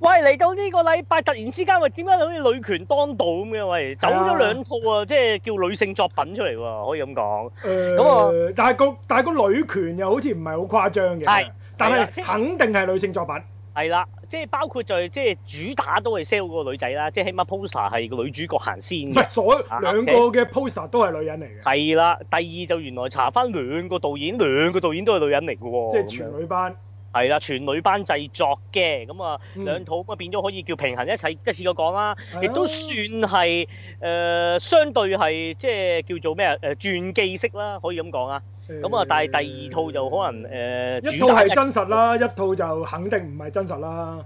喂，嚟到呢個禮拜，突然之間，喂，點解好似女權當道咁嘅？喂，走咗兩套啊，即係叫女性作品出嚟喎，可以咁講。咁啊、呃我，但係個但係個女權又好似唔係好誇張嘅。係，但係肯定係女性作品。係啦，即係包括在、就係、即係主打都係 sell 嗰個女仔啦，即係起碼 poster 係個女主角行先。所有、uh, okay. 兩個嘅 poster 都係女人嚟嘅。係啦，第二，第二就原來查翻兩,兩個導演，兩個導演都係女人嚟嘅喎。即係全女班。係啦，全女班製作嘅，咁啊兩套咁啊變咗可以叫平衡一齊，即係試過講啦，亦都算係誒的、呃、相對係即係叫做咩啊誒傳記式啦，可以咁講啊。咁啊，但係第二套就可能誒，呃、一套係真實啦，一,一套就肯定唔係真實啦。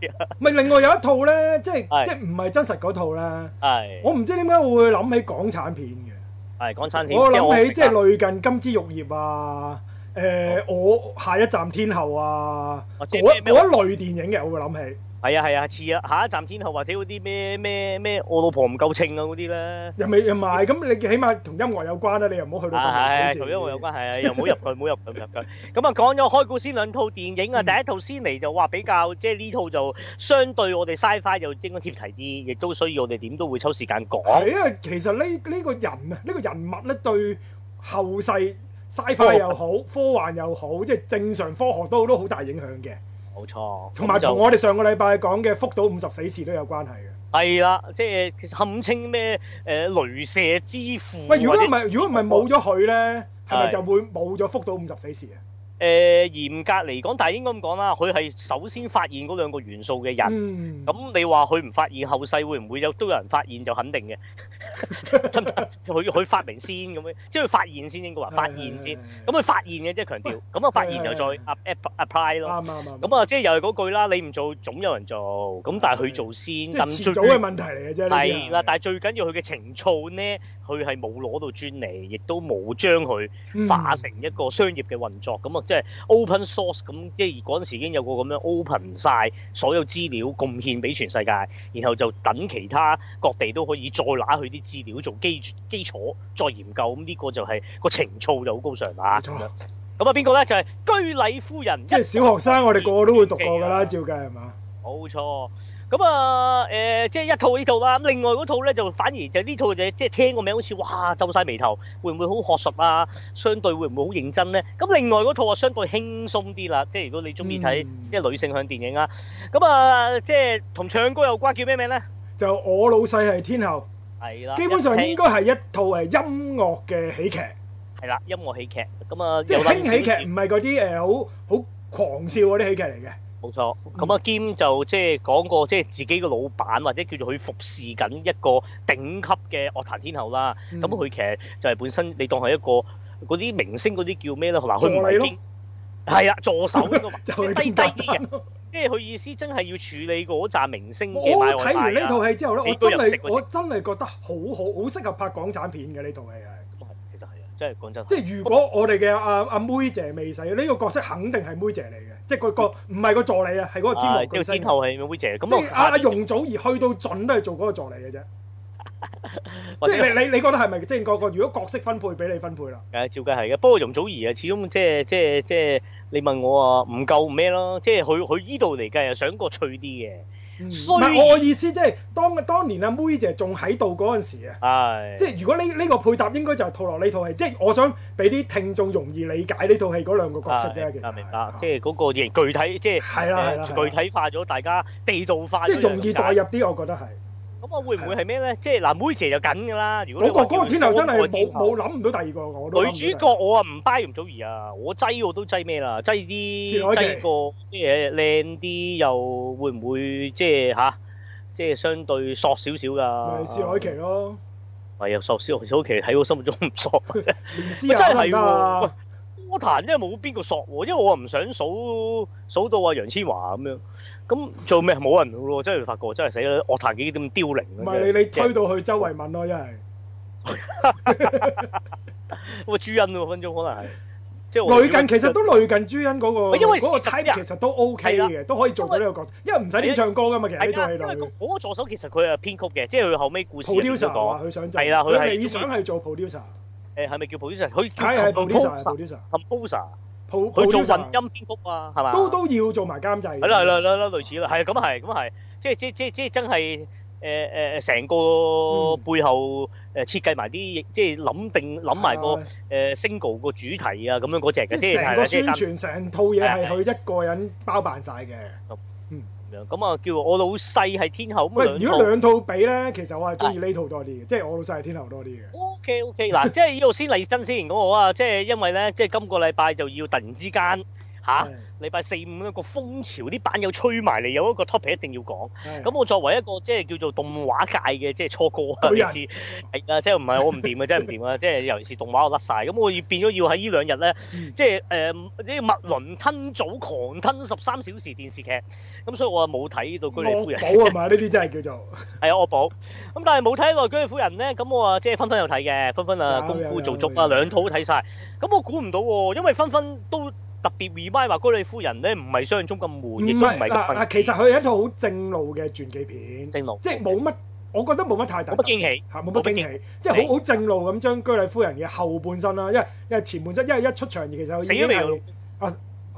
係 另外有一套咧，即係即係唔係真實嗰套咧。係的。我唔知點解會諗起港產片嘅。係港產片。我諗起即係類近《金枝玉葉》啊。誒，呃哦、我下一站天后啊，嗰一嗰一類電影嘅，我會諗起。係啊係啊，似啊，啊下一站天后或者嗰啲咩咩咩，我老婆唔夠秤啊嗰啲咧。又未又唔係，咁你起碼同音樂有關啦，啊，你又唔好去到咁遠。係同音樂有關係啊，又唔好入去，唔好 入去，入去。咁啊，講咗開古先兩套電影啊，嗯、第一套先嚟就話比較，即係呢套就相對我哋 Sci-Fi 就應該貼題啲，亦都需要我哋點都會抽時間講。係因、啊、其實呢呢個人啊，呢、呢個人物咧對後世。Sci-fi 又好，oh. 科幻又好，即係正常科學都都好大影響嘅。冇錯，同埋同我哋上個禮拜講嘅福島五十死士都有關係嘅。係啦，即係堪稱咩誒鐳射之父。喂，如果唔係，如果唔係冇咗佢咧，係咪就會冇咗福島五十死士啊？誒、呃、嚴格嚟講，但係應該咁講啦。佢係首先發現嗰兩個元素嘅人，咁、嗯、你話佢唔發現，後世會唔會有都有人發現就肯定嘅。佢 佢發明先咁樣，即佢發現先應該話發現先。咁佢發現嘅即係強調，咁啊的發現又再 app 的 apply 咯。啱啱咁啊，即係又係嗰句啦，你唔做總有人做。咁但係佢做先，即係先早嘅問題嚟嘅啫。係啦最，但係最緊要佢嘅情操呢？佢係冇攞到專利，亦都冇將佢化成一個商業嘅運作，咁啊、嗯，即係 open source 咁，即係嗰陣時已經有個咁樣 open 晒所有資料，貢獻俾全世界，然後就等其他各地都可以再攞佢啲資料做基基礎再研究，咁呢個就係、是那個情操就好高尚啦。冇錯，咁啊邊個咧？就係、是、居禮夫人。即係小學生，我哋個個都會讀過㗎啦，啊、照計係嘛？冇錯。咁啊，誒，即係一套呢套啦。咁另外嗰套咧，就反而就呢套就即係聽個名，好似哇皺曬眉頭，會唔會好學術啊？相對會唔會好認真咧？咁另外嗰套啊，相對輕鬆啲啦。即係如果你中意睇即係女性向電影啊，咁啊，即係同唱歌有關，叫咩名咧？就我老細係天后。係啦。基本上應該係一套誒音樂嘅喜劇。係啦，音樂喜劇。咁啊，即係輕喜劇，唔係嗰啲誒好好狂笑嗰啲喜劇嚟嘅。冇錯，咁啊銘就即係講過即係自己嘅老闆，或者叫做佢服侍緊一個頂級嘅樂壇天后啦。咁佢、嗯、其實就係本身，你當係一個嗰啲明星嗰啲叫咩咧？嗱，佢唔係，係啊，助手呢 這低低啲嘅，即係佢意思，真係要處理嗰紮明星嘅。睇完呢套戲之後咧，我真係我真係覺得好好、嗯、好適合拍港產片嘅呢套戲，係。咁啊，其實係，真係講真。即係如果我哋嘅阿阿妹姐未死，呢、這個角色肯定係妹姐嚟嘅。即係個個唔係個助理啊，係嗰個天王巨星。天后係 Vicky 姐。咁我阿、啊啊、容祖兒去到盡都係做嗰個助理嘅啫。 哇即係你你你覺得係咪即係、個個如果角色分配俾你分配啦？誒、啊，照計係嘅。不過容祖兒啊，始終即係即係即係你問我啊，唔夠咩咯？即係佢佢依度嚟計啊，想個脆啲嘅。唔係所我嘅意思，即係當當年阿妹姐仲喺度嗰陣時啊，的，即係如果呢呢個配搭應該就係套落呢套戲，即係我想俾啲聽眾容易理解呢套戲嗰兩個角色啫的。其實明啦的，啊、即係嗰個嘢具體，的即係係啦係啦，具體化咗的大家，地道化，即係容易代入啲，我覺得係。咁我會唔會係咩咧？即係嗱，妹姐就緊㗎啦。如果個天后真係冇冇諗唔到第二個。女主角我啊唔 buy 容祖兒啊，我擠我都擠咩啦？擠啲擠個啲嘢靚啲，又會唔會即係吓，即係相對索少少㗎。薛凱琪咯。係又索少少，薛凱琪喺我心目中唔索嘅啫。真係。歌壇真係冇邊個索喎，因為我又唔想數數到啊。楊千嬅咁樣。咁做咩？冇人咯，真係發覺真係死啦！樂壇幾咁凋零？唔係你你推到去周慧敏咯，因係咁朱茵喎分鐘可能係即係類近其實都類近朱茵嗰個嗰個 type 其實都 OK 嘅，都可以做到呢個角色，因為唔使點唱歌噶嘛。其實呢套戲裏邊，嗰個助手其實佢係編曲嘅，即係後尾故事入邊講話佢想做，係啦，佢係想係做 producer。誒係咪叫 producer？佢係 producer，producer，producer。producer，佢做混音編曲啊，係咪？都都要做埋監製。係啦，係啦，係啦，類似啦，係咁係，咁係，即係即即即真係誒誒成個背後誒設計埋啲，即係諗定諗埋個誒 single 個主題啊，咁樣嗰隻嘅。即係成個宣傳成套嘢係佢一個人包辦晒嘅。咁啊，叫我老細係天后。咁如果兩套比咧，其實我係中意呢套多啲嘅的、okay, okay，即係我老細係天后多啲嘅。O K O K，嗱，即係呢度先立身先。咁我啊，即係因為咧，即係今個禮拜就要突然之間。嚇！禮拜、啊、的四五一、那個風潮，啲版又吹埋嚟，有一個 topic 一定要講。咁的我作為一個即係叫做動畫界嘅即係初哥啊，次啊，即係唔係我唔掂嘅，真係唔掂啊！即係 尤其是動畫我甩晒。咁我變要變咗要喺呢兩日咧，即係誒呢麥倫吞組狂吞十三小時電視劇，咁、嗯、所以我啊冇睇到《居禮夫人》。惡補啊嘛，呢啲真係叫做係啊惡補。咁 但係冇睇《內居禮夫人呢》咧，咁我啊即係分分有睇嘅，分分啊功夫做足，足啊，兩套都睇晒。咁我估唔到喎，因為分分都。特別《v i v 話居禮夫人咧，唔係想像中咁悶亦都唔係激憤。其實佢係一套好正路嘅傳記片。正路，即係冇乜，Okay. 我覺得冇乜太大。冇驚喜，嚇，冇乜驚喜，驚喜即係好好正路咁將居禮夫人嘅後半生啦。因為因為前半生，因為一出場其實已經未啊誒，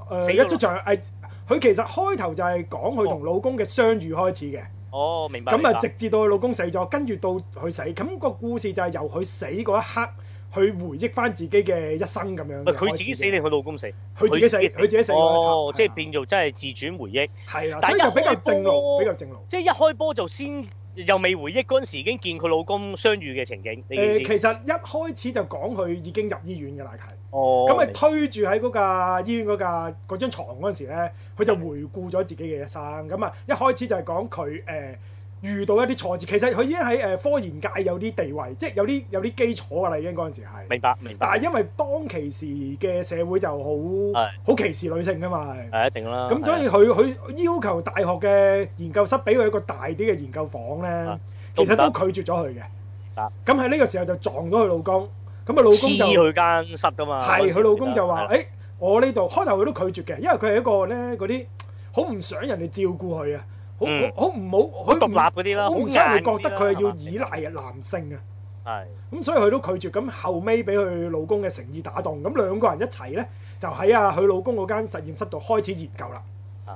呃、了一出場誒，佢其實開頭就係講佢同老公嘅相遇開始嘅、哦。哦，明白。咁啊，直至到佢老公死咗，跟住到佢死，咁、那個故事就係由佢死嗰一刻。去回憶翻自己嘅一生咁樣。佢自己死定佢老公死。佢自己死，佢自己死。哦，即係變做真係自轉回憶。係啦，所以又比較正路，比較正路。即係一開波就先又未回憶嗰陣時已經見佢老公相遇嘅情景。誒，其實一開始就講佢已經入醫院嘅大琴。哦。咁咪推住喺嗰架醫院嗰架嗰張牀嗰陣時咧，佢就回顧咗自己嘅一生。咁啊，一開始就係講佢誒。遇到一啲挫折，其實佢已經喺誒科研界有啲地位，即係有啲有啲基礎噶啦，已經嗰陣時係。明白，明白。但係因為當其時嘅社會就好好歧視女性噶嘛，係。一定啦。咁所以佢佢要求大學嘅研究室俾佢一個大啲嘅研究房咧，其實都拒絕咗佢嘅。咁喺呢個時候就撞到佢老公，咁佢老公就黐佢間室噶嘛。係，佢老公就話：，誒，我呢度開頭佢都拒絕嘅，因為佢係一個咧嗰啲好唔想人哋照顧佢啊。好好唔好好獨立嗰啲啦。好，所以佢覺得佢係要依賴男性啊。係吧。咁所以佢都拒絕。咁後尾俾佢老公嘅誠意打動，咁兩個人一齊咧，就喺啊佢老公嗰間實驗室度開始研究啦。係。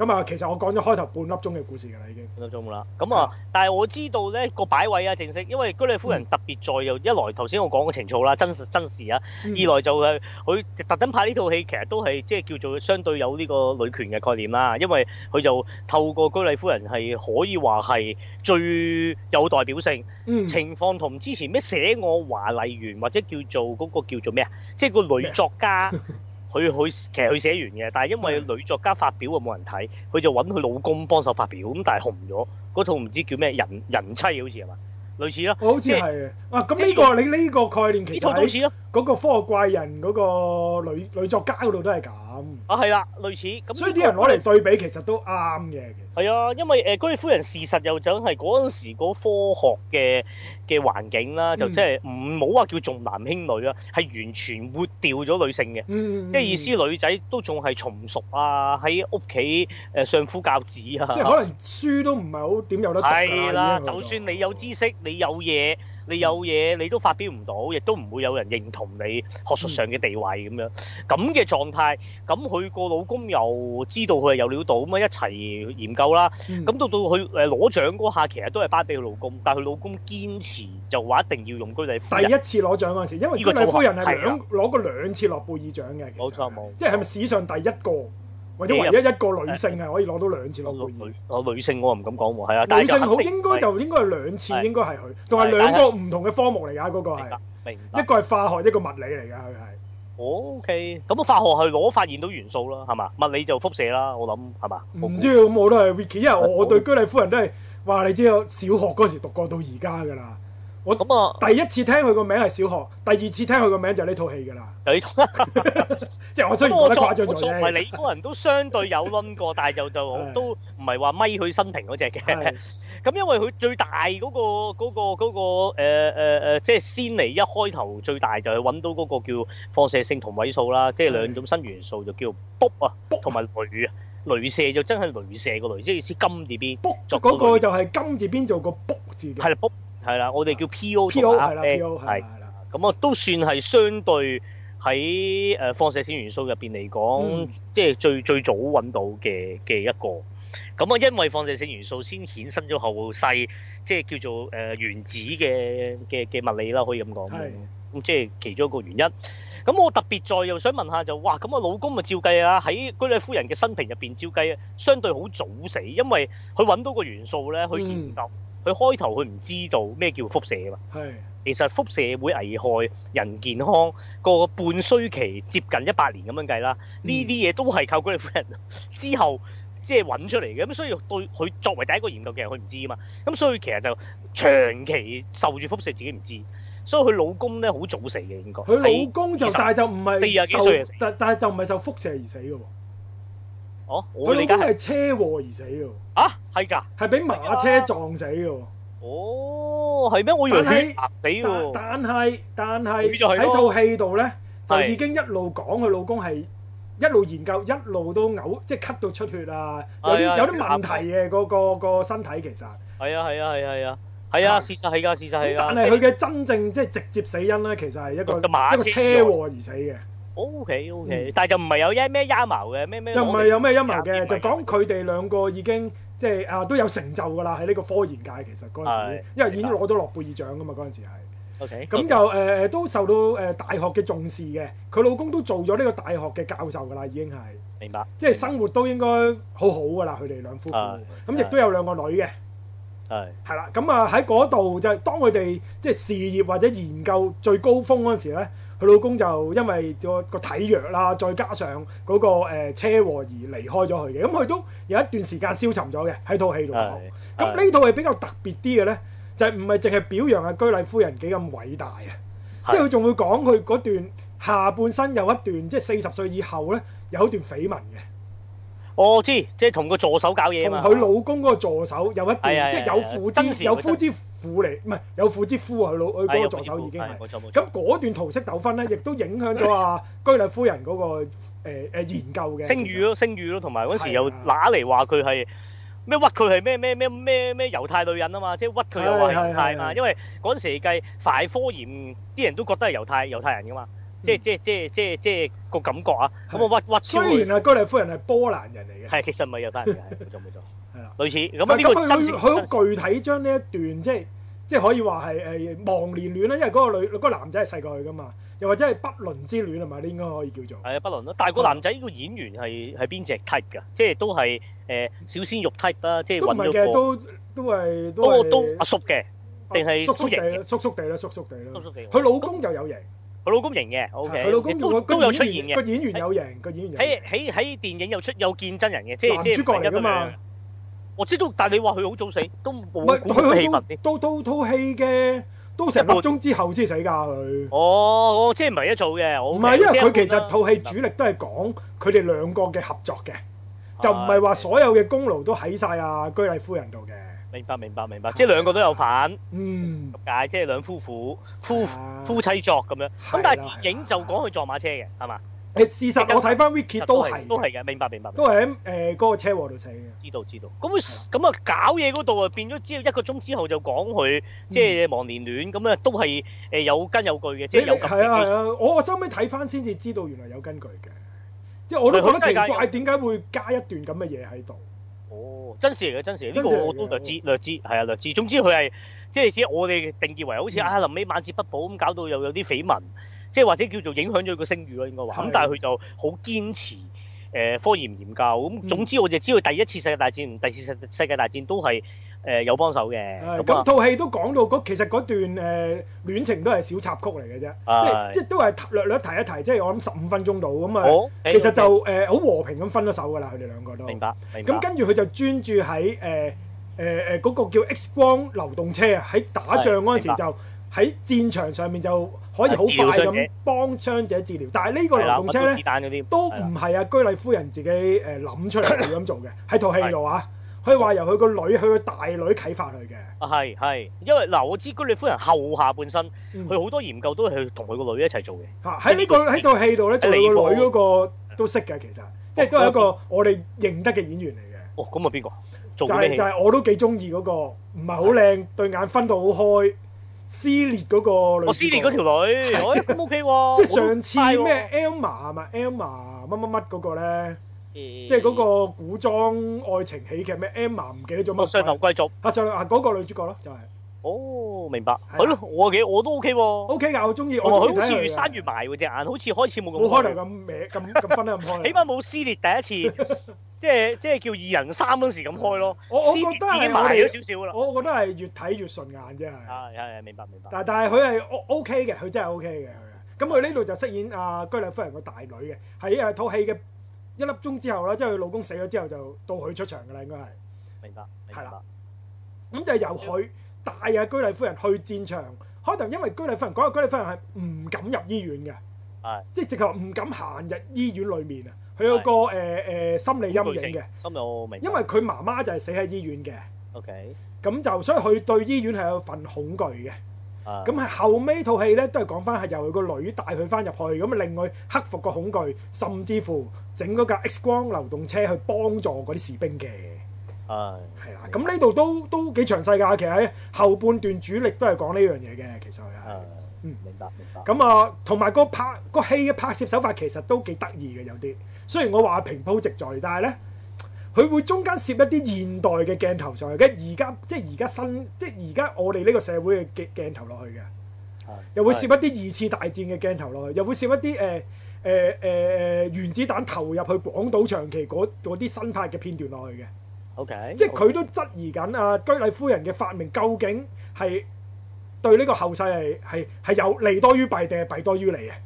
咁啊，其實我講咗開頭半粒鐘嘅故事㗎啦，已經半粒鐘啦。咁啊，但係我知道咧個擺位啊，正式因為居禮夫人特別在又、嗯、一來頭先我講嘅情操啦，真實真事啊；嗯、二來就係佢特登拍呢套戲，其實都係即係叫做相對有呢個女權嘅概念啦。因為佢就透過居禮夫人係可以話係最有代表性、嗯、情況，同之前咩寫我華麗完或者叫做嗰個叫做咩啊，即係個女作家什麼。 佢去其實佢寫完嘅，但係因為女作家發表啊，冇人睇，佢就揾佢老公幫手發表咁，但係紅咗嗰套唔知叫咩人人妻好似係嘛？類似咯，好似係即啊！咁呢、這個、這個、你呢個概念其實係嗰個科學怪人嗰個女女作家嗰度都係咁啊，係啦，類似咁。嗯、所以啲人攞嚟對比其實都啱嘅。係啊，因為誒居禮夫人事實又準係嗰陣時嗰科學嘅嘅環境啦、啊，就即係唔好話叫重男輕女啊，係完全活掉咗女性嘅，嗯嗯、即係意思女仔都仲係從屬啊，喺屋企誒，相夫教子啊，即係可能書都唔係好點有得睇、啊。係啦的，就算你有知識，哦、你有嘢。你有嘢，你都發表唔到，亦都唔會有人認同你學術上嘅地位咁、嗯、樣，咁嘅狀態，咁佢個老公又知道佢係有料到咁啊，一齊研究啦。咁、嗯、到到佢誒攞獎嗰下，其實都係攞俾佢老公，但係佢老公堅持就話一定要用居禮夫人。第一次攞獎嗰陣時，因為居禮夫人係兩攞過兩次諾貝爾獎嘅，冇錯冇，即係係咪史上第一個？或者唯一一個女性啊，可以攞到兩次諾貝爾。哦，女性我唔敢講喎，係啊。女性好應該就應該係兩次，的應該係佢，同埋兩個唔同嘅科目嚟㗎。嗰是個係，一個係化學，一個物理嚟㗎。佢係。OK，咁化學係攞發現到元素啦，係嘛？物理就輻射啦，我諗係嘛？唔知咁我都係 Ricky，因為我我對居禮夫人都係話你知啊，小學嗰時讀過到而家㗎啦。我咁啊！第一次聽佢個名係小學，第二次聽佢個名就係呢套戲噶啦。 即係我雖然覺得誇張咗唔係你個人都相對有拎過， 但係就就 都唔係話咪佢生平嗰隻嘅。咁 的因為佢最大嗰個、嗰個、嗰個誒誒誒，即係先嚟，一開頭最大就係揾到嗰個叫放射性同位素啦，即係兩種新元素就叫卜啊，的卜同埋鐳啊，鐳卜射就真係鐳射個鐳，即係意思金字邊卜。嗰個就係金字邊做個卜字係啦，卜。的係啦，我哋叫 P.O. 同 A.P. 係啦，係啦，咁啊都算係相對喺誒放射性元素入邊嚟講，即係、嗯、最最早揾到嘅嘅一個。咁啊，因為放射性元素先衍生咗後世，即、就、係、是、叫做誒、呃、原子嘅嘅嘅物理啦，可以咁講。係的。咁即係其中一個原因。咁我特別再又想問下就，哇！咁我老公咪照計啊，喺居禮夫人嘅生平入邊照計、啊，相對好早死，因為佢揾到個元素咧，去研究、嗯。佢開頭佢唔知道咩叫輻射啊嘛，的其實輻射會危害人健康個,個半衰期接近一百年咁樣計啦，呢啲嘢都係靠佢哋夫人之後即係揾出嚟嘅，咁所以對佢作為第一個研究嘅人佢唔知啊嘛，咁所以其實就長期受住輻射自己唔知，所以佢老公咧好早死嘅應該，佢老公就但係就唔係受，四廿幾歲但但係就唔係受輻射而死嘅喎。哦，佢老公係車禍而死咯。啊，係噶，係俾馬車撞死嘅。哦，係咩？我以為死。但係但係喺套戲度咧，就已經一路講佢老公係一路研究，一路都嘔，即係咳到出血啊，有啲有啲問題嘅嗰個個身體其實。係啊係啊係啊係啊，係啊事實係噶事實係。但係佢嘅真正即係直接死因咧，其實係一個一個車禍而死嘅。O K O K，但係就唔係有咩咩陰謀嘅，咩咩就唔係有咩陰謀嘅，就講佢哋兩個已經即係啊都有成就㗎啦，喺呢個科研界其實嗰陣時，因為已經攞咗諾貝爾獎㗎嘛，嗰陣時係 O K，咁就誒誒都受到誒大學嘅重視嘅，佢老公都做咗呢個大學嘅教授㗎啦，已經係明白，即係生活都應該好好㗎啦，佢哋兩夫婦咁亦都有兩個女嘅，係係啦，咁啊喺嗰度就係當佢哋即係事業或者研究最高峰嗰陣時咧。佢老公就因為個個體弱啦，再加上嗰、那個誒、呃、車禍而離開咗佢嘅，咁佢都有一段時間消沉咗嘅喺套戲度。咁呢套係比較特別啲嘅咧，的就唔係淨係表揚阿居禮夫人幾咁偉大啊，的即係佢仲會講佢嗰段下半生有一段即係四十歲以後咧，有一段緋聞嘅。我知，即係同個助手搞嘢嘛。同佢老公嗰個助手有一段，即係有夫之有夫之婦嚟，唔係有夫之夫啊。佢老佢嗰個助手已經係。咁嗰段桃色糾紛咧，亦都影響咗啊居禮夫人嗰個誒誒研究嘅。聲譽咯，聲譽咯，同埋嗰陣時又攞嚟話佢係咩屈佢係咩咩咩咩咩猶太女人啊嘛，即係屈佢又話猶太啊嘛，因為嗰陣時計大科研啲人都覺得係猶太猶太人噶嘛。即即即即即個感覺啊！咁咪屈屈尊？雖然係居禮夫人係波蘭人嚟嘅，係其實唔係有得人嘅，冇錯冇錯，係啦，類似咁啊。呢個佢佢好具體將呢一段即即可以話係誒忘年戀啦，因為嗰個女嗰個男仔係細個去噶嘛，又或者係不倫之戀啊咪？呢應該可以叫做係啊不倫咯。但係個男仔呢個演員係係邊隻 type 㗎？即都係誒小鮮肉 type 啦，即揾咗個都都阿叔嘅，定係叔叔型，叔叔地啦，叔叔叔地啦，佢老公就有型。老公型嘅，OK，老公都都有出現嘅。個演員有型，個演員喺喺喺電影又出有見真人嘅，即係主角人噶嘛？我知道，但你話佢好早死都冇佢戲份啲。套套套戲嘅，都成個鐘之後先死噶佢。哦，即係唔係一早嘅，唔、okay, 係因為佢其實套戲，啊、主、主力都係講佢哋兩個嘅合作嘅，就唔係話所有嘅功勞都喺晒阿居禮夫人度嘅。明白明白明白，即係兩個都有反，嗯，咁解，即係兩夫婦夫夫妻作咁樣，咁但係電影就講佢撞馬車嘅，係嘛？誒，事實我睇翻 wiki 都係都係嘅，明白明白，都係誒嗰個車禍度寫嘅。知道知道，咁咁啊搞嘢嗰度啊，變咗，只要一個鐘之後就講佢即係忘年戀，咁咧都係誒有根有據嘅，即係有。係啊係啊，我收尾睇翻先至知道，原來有根據嘅，即係我都覺得奇怪，點解會加一段咁嘅嘢喺度？真事嚟嘅真事，呢個我都略知略知，係、嗯、啊略知。總之佢係即係只我哋定義為好似阿臨尾晚節不保咁，搞到又有啲緋聞，即係或者叫做影響咗佢個聲譽咯，應該話。咁、嗯、但係佢就好堅持誒、呃、科研研究。咁總之我就知道第一次世界大戰同第二次世界大戰都係。誒，有幫手嘅。咁套戲都講到其實嗰段誒戀情都係小插曲嚟嘅啫，即即都係略略提一提，即係我諗十五分鐘度咁啊。其實就誒好和平咁分咗手噶啦，佢哋兩個都。明白，明白。咁跟住佢就專注喺誒誒誒嗰個叫 X 光流動車啊，喺打仗嗰陣時就喺戰場上面就可以好快咁幫傷者治療。但係呢個流動車咧，都唔係阿居禮夫人自己誒諗出嚟要咁做嘅，喺套戲度啊。佢話由佢個女，去個大女啟發佢嘅。啊，係係，因為嗱、呃，我知居禮夫人後下半身，佢好、嗯、多研究都係同佢個女一齊做嘅。嚇，喺呢個喺套戲度咧，做個女嗰個都識嘅，其實即係都係一個我哋認得嘅演員嚟嘅。哦，咁啊邊個做、就是？就係、是、我都幾中意嗰個，唔係好靚，對的眼分到好開，撕裂嗰個女、那個。我、啊、撕裂嗰條女，我都 OK 喎。哎啊、 即係上次咩 Emma 啊嘛，Emma 乜乜乜嗰個咧？即係嗰個古裝愛情喜劇咩？Emma 唔記得咗乜上流貴族，上流啊，嗰個女主角咯，就係、是、哦，明白，好咯、啊，我嘅我都 OK，OK 噶，我中意，哦、我佢好似越生越埋喎，隻眼好似開始冇咁冇開頭咁歪咁咁分得咁開， 起碼冇撕裂第一次， 即係即係叫二人三嗰時咁開咯。我 我覺得係埋咗少少啦。我我覺得係越睇越順眼啫，係係係明白明白。明白但係佢係 O K 嘅，佢、OK、真係 O K 嘅，咁佢呢度就飾演阿、啊、居里夫人個大女嘅，喺啊套戲嘅。一粒鐘之後啦，即係佢老公死咗之後，就到佢出場嘅啦，應該係。明白。係啦的。咁就係由佢帶啊居禮夫人去戰場。可能因為居禮夫人講，居禮夫人係唔敢入醫院嘅。係的。即係直頭唔敢行入醫院裏面啊！佢有個誒誒的、呃呃、心理陰影嘅。心理我明。因為佢媽媽就係死喺醫院嘅。OK。咁就所以佢對醫院係有份恐懼嘅。咁係、嗯、後尾套戲咧，都係講翻係由佢個女帶佢翻入去，咁啊令佢克服個恐懼，甚至乎整嗰架 X 光流動車去幫助嗰啲士兵嘅。係、嗯，係啦的，咁呢度都都幾詳細㗎。其實喺後半段主力都係講呢樣嘢嘅，其實係，嗯，明白，明白。咁啊，同埋、嗯、個拍個戲嘅拍攝手法其實都幾得意嘅，有啲雖然我話平鋪直敍，但係咧。佢會中間攝一啲現代嘅鏡頭上去嘅，而家即係而家新，即係而家我哋呢個社會嘅鏡鏡頭落去嘅，又會攝一啲二次大戰嘅鏡頭落去，又會攝一啲誒誒誒原子彈投入去廣島長期嗰啲新拍嘅片段落去嘅。OK, okay. 即係佢都質疑緊啊居禮夫人嘅發明究竟係對呢個後世係係係有利多於弊，定係弊多於利啊？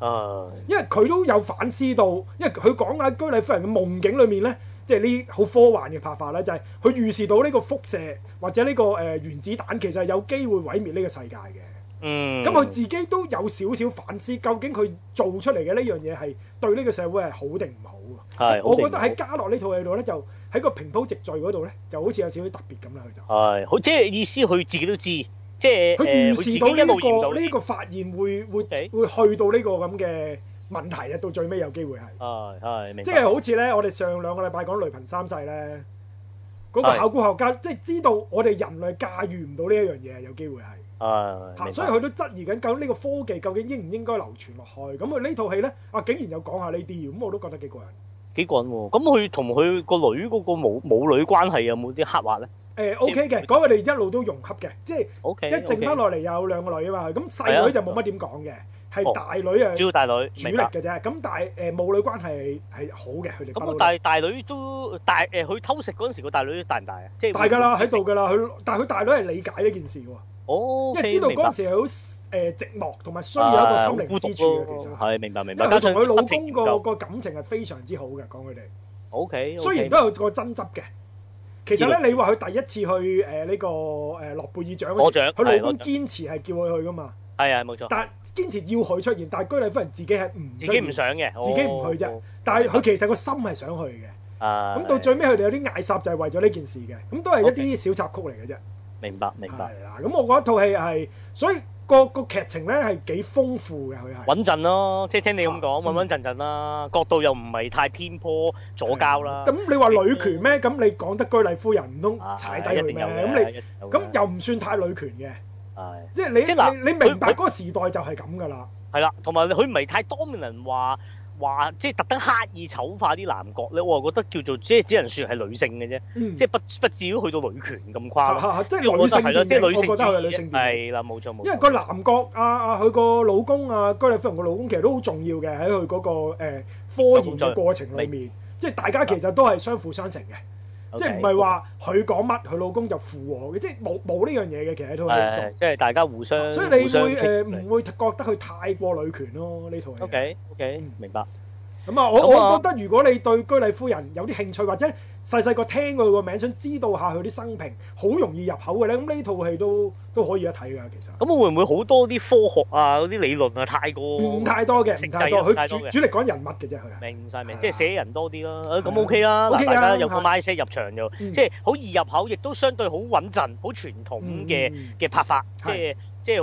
啊、uh，因為佢都有反思到，因為佢講下居禮夫人嘅夢境裏面呢。即係呢好科幻嘅拍法咧，就係、是、佢預示到呢個輻射或者呢、這個誒、呃、原子彈其實係有機會毀滅呢個世界嘅。嗯，咁佢自己都有少少反思，究竟佢做出嚟嘅呢樣嘢係對呢個社會係好定唔好㗎？係，我覺得喺加樂呢套戲度咧，就喺個平鋪直序平鋪直敍嗰度咧，就好似有少少特別咁啦。佢就係好，即係意思佢自己都知，即係佢預示到呢、這個呃、個發現會會的會去到呢個咁嘅。問題啊，到最尾有機會係，即係好似咧，我哋上兩個禮拜講雷朋三世咧，嗰個考古學家即係知道我哋人類駕馭唔到呢一樣嘢，有機會係，嚇，所以佢都質疑緊，究竟呢個科技究竟應唔應該流傳落去？咁佢呢套戲咧，啊，竟然又講下呢啲，咁我都覺得幾過癮，幾過癮喎！咁佢同佢個女嗰個母母女關係有冇啲刻畫咧？誒，OK 嘅，嗰個你一路都融合嘅，即係一剩翻落嚟有兩個女啊嘛，咁細女就冇乜點講嘅。係大女啊，主要大女主力嘅啫。咁但係誒母女關係係好嘅，佢哋咁但大大女都大誒。佢偷食嗰陣時，個大女大唔大啊？即係大㗎啦，喺度㗎啦。佢但係佢大女係理解呢件事喎。哦，因為知道嗰陣時係好誒寂寞，同埋需要一個心靈支柱嘅，其實係明白明白。佢同佢老公個個感情係非常之好嘅，講佢哋。O K，雖然都有個爭執嘅。其實咧，你話佢第一次去誒呢個誒諾貝爾獎嗰時，佢老公堅持係叫佢去㗎嘛？係啊，冇錯。但堅持要佢出現，但係居禮夫人自己係唔自己唔想嘅，自己唔去啫。但係佢其實個心係想去嘅。啊，咁到最尾，佢哋有啲嗌殺就係為咗呢件事嘅。咁都係一啲小插曲嚟嘅啫。明白，明白。係啦，咁我覺得套戲係，所以個個劇情咧係幾豐富嘅。佢係穩陣咯，即係聽你咁講，穩穩陣陣啦，角度又唔係太偏頗左膠啦。咁你話女權咩？咁你講得居禮夫人唔通踩低佢咩？咁你咁又唔算太女權嘅。係，即係你即嗱是，你明白嗰他個時代就係咁噶啦。係啦，同埋佢唔係太多人話話，即係特登刻意醜化啲男角。你我又覺得叫做即係只能算係女性嘅啫，嗯、即係不不至於去到女權咁誇。係係係，即係女性主，即係女性主，係啦，冇錯冇錯。因為嗰男角啊啊，佢、啊、個老公啊，居里夫人個老公其實都好重要嘅，喺佢嗰個、呃、科研嘅過程裏面，即係錯、就是、大家其實都係相輔相成嘅。Okay. 即係唔係話佢講乜，佢老公就附和嘅，即係冇冇呢樣嘢嘅。其實呢套戲，即係大家互相，啊、所以你會誒唔、呃、會覺得佢太過女權咯？呢套戲，OK OK、嗯、明白。咁啊，我、嗯、我覺得如果你對居禮夫人有啲興趣，或者細細個聽佢個名，想知道下佢啲生平，好容易入口嘅咧，咁呢套戲都都可以一睇嘅其實。咁會唔會好多啲科學啊啲理論啊太過啊？太多嘅，食滯佢，主主力講人物嘅啫佢。明晒，明，吧即係寫人多啲咯、啊。咁 OK 啦，嗱、啊、的大家由個 my seat 入場 的 S、嗯、 就，即係好易入口，亦都相對好穩陣、好傳統嘅嘅、嗯、拍法，即係即係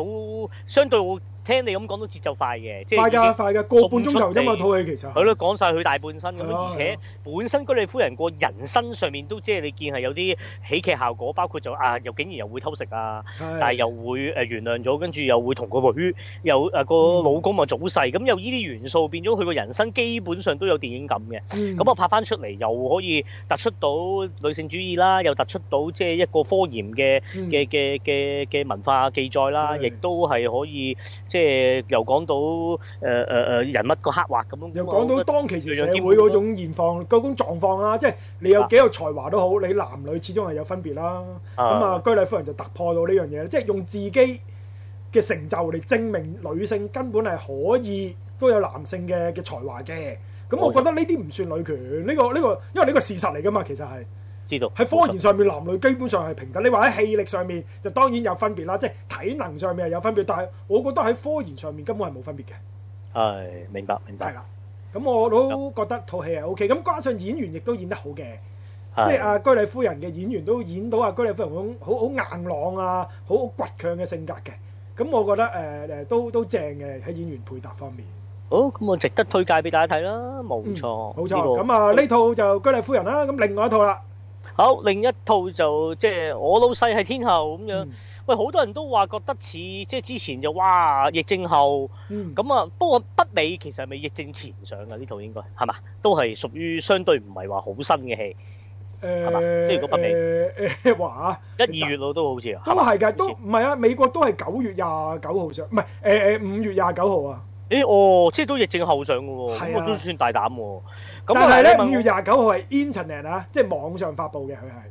好相對好。聽你咁講都節奏快嘅，即係快嘅，個半鐘頭啫嘛套戲其實。係咯，講晒佢大半生咁啊，而且本身居禮夫人個人生上面都即係你見係有啲喜劇效果，包括就啊又竟然又會偷食啊，但係又會誒原諒咗，跟住又會同個女又啊個老公啊早逝，咁又呢啲元素變咗佢個人生基本上都有電影感嘅。咁啊拍翻出嚟又可以突出到女性主義啦，又突出到即係一個科研嘅嘅嘅嘅嘅文化記載啦，亦都係可以。即係又講到誒誒誒人物個刻畫咁樣，又講到當其時社會嗰種現況嗰種狀況啦、啊。即係你有幾有才華都好，啊、你男女始終係有分別啦。咁啊，居禮夫人就突破到呢樣嘢，即係用自己嘅成就嚟證明女性根本係可以都有男性嘅嘅才華嘅。咁我覺得呢啲唔算女權，呢、呢個呢、呢個因為呢個事實嚟噶嘛，其實係。喺科研上面，男女基本上係平等。你話喺氣力上面，就當然有分別啦。即係體能上面有分別，但係我覺得喺科研上面根本係冇分別嘅。係、哎，明白，明白。係啦，咁我都覺得套戲係 OK。咁加上演員亦都演得好嘅，的即係阿居里夫人嘅演員都演到阿居里夫人好好好硬朗啊，好倔強嘅性格嘅。咁我覺得誒誒、呃、都都正嘅喺演員配搭方面。哦，咁我值得推介俾大家睇啦，冇錯，冇錯、嗯。咁啊，呢套就居里夫人啦。咁另外一套啦。好，Alright, 另一套就即係我老細係天后咁樣，喂，好多人都話覺得似即係之前就哇疫症後，咁啊、嗯，不過北美其實係咪疫症前上噶呢套應該係嘛？都係屬於相對唔係話好新嘅戲，係嘛？欸、即係如果北美誒話一二月咯都好似啊，咁啊係噶，都唔係啊，美國都係九月廿九號上，唔係誒誒五月廿九號啊？誒、欸、哦，即係都疫症後上噶喎，咁我都算大膽喎、啊。但係咧，五月廿九號係 Internet 啊，即係網上發布嘅佢係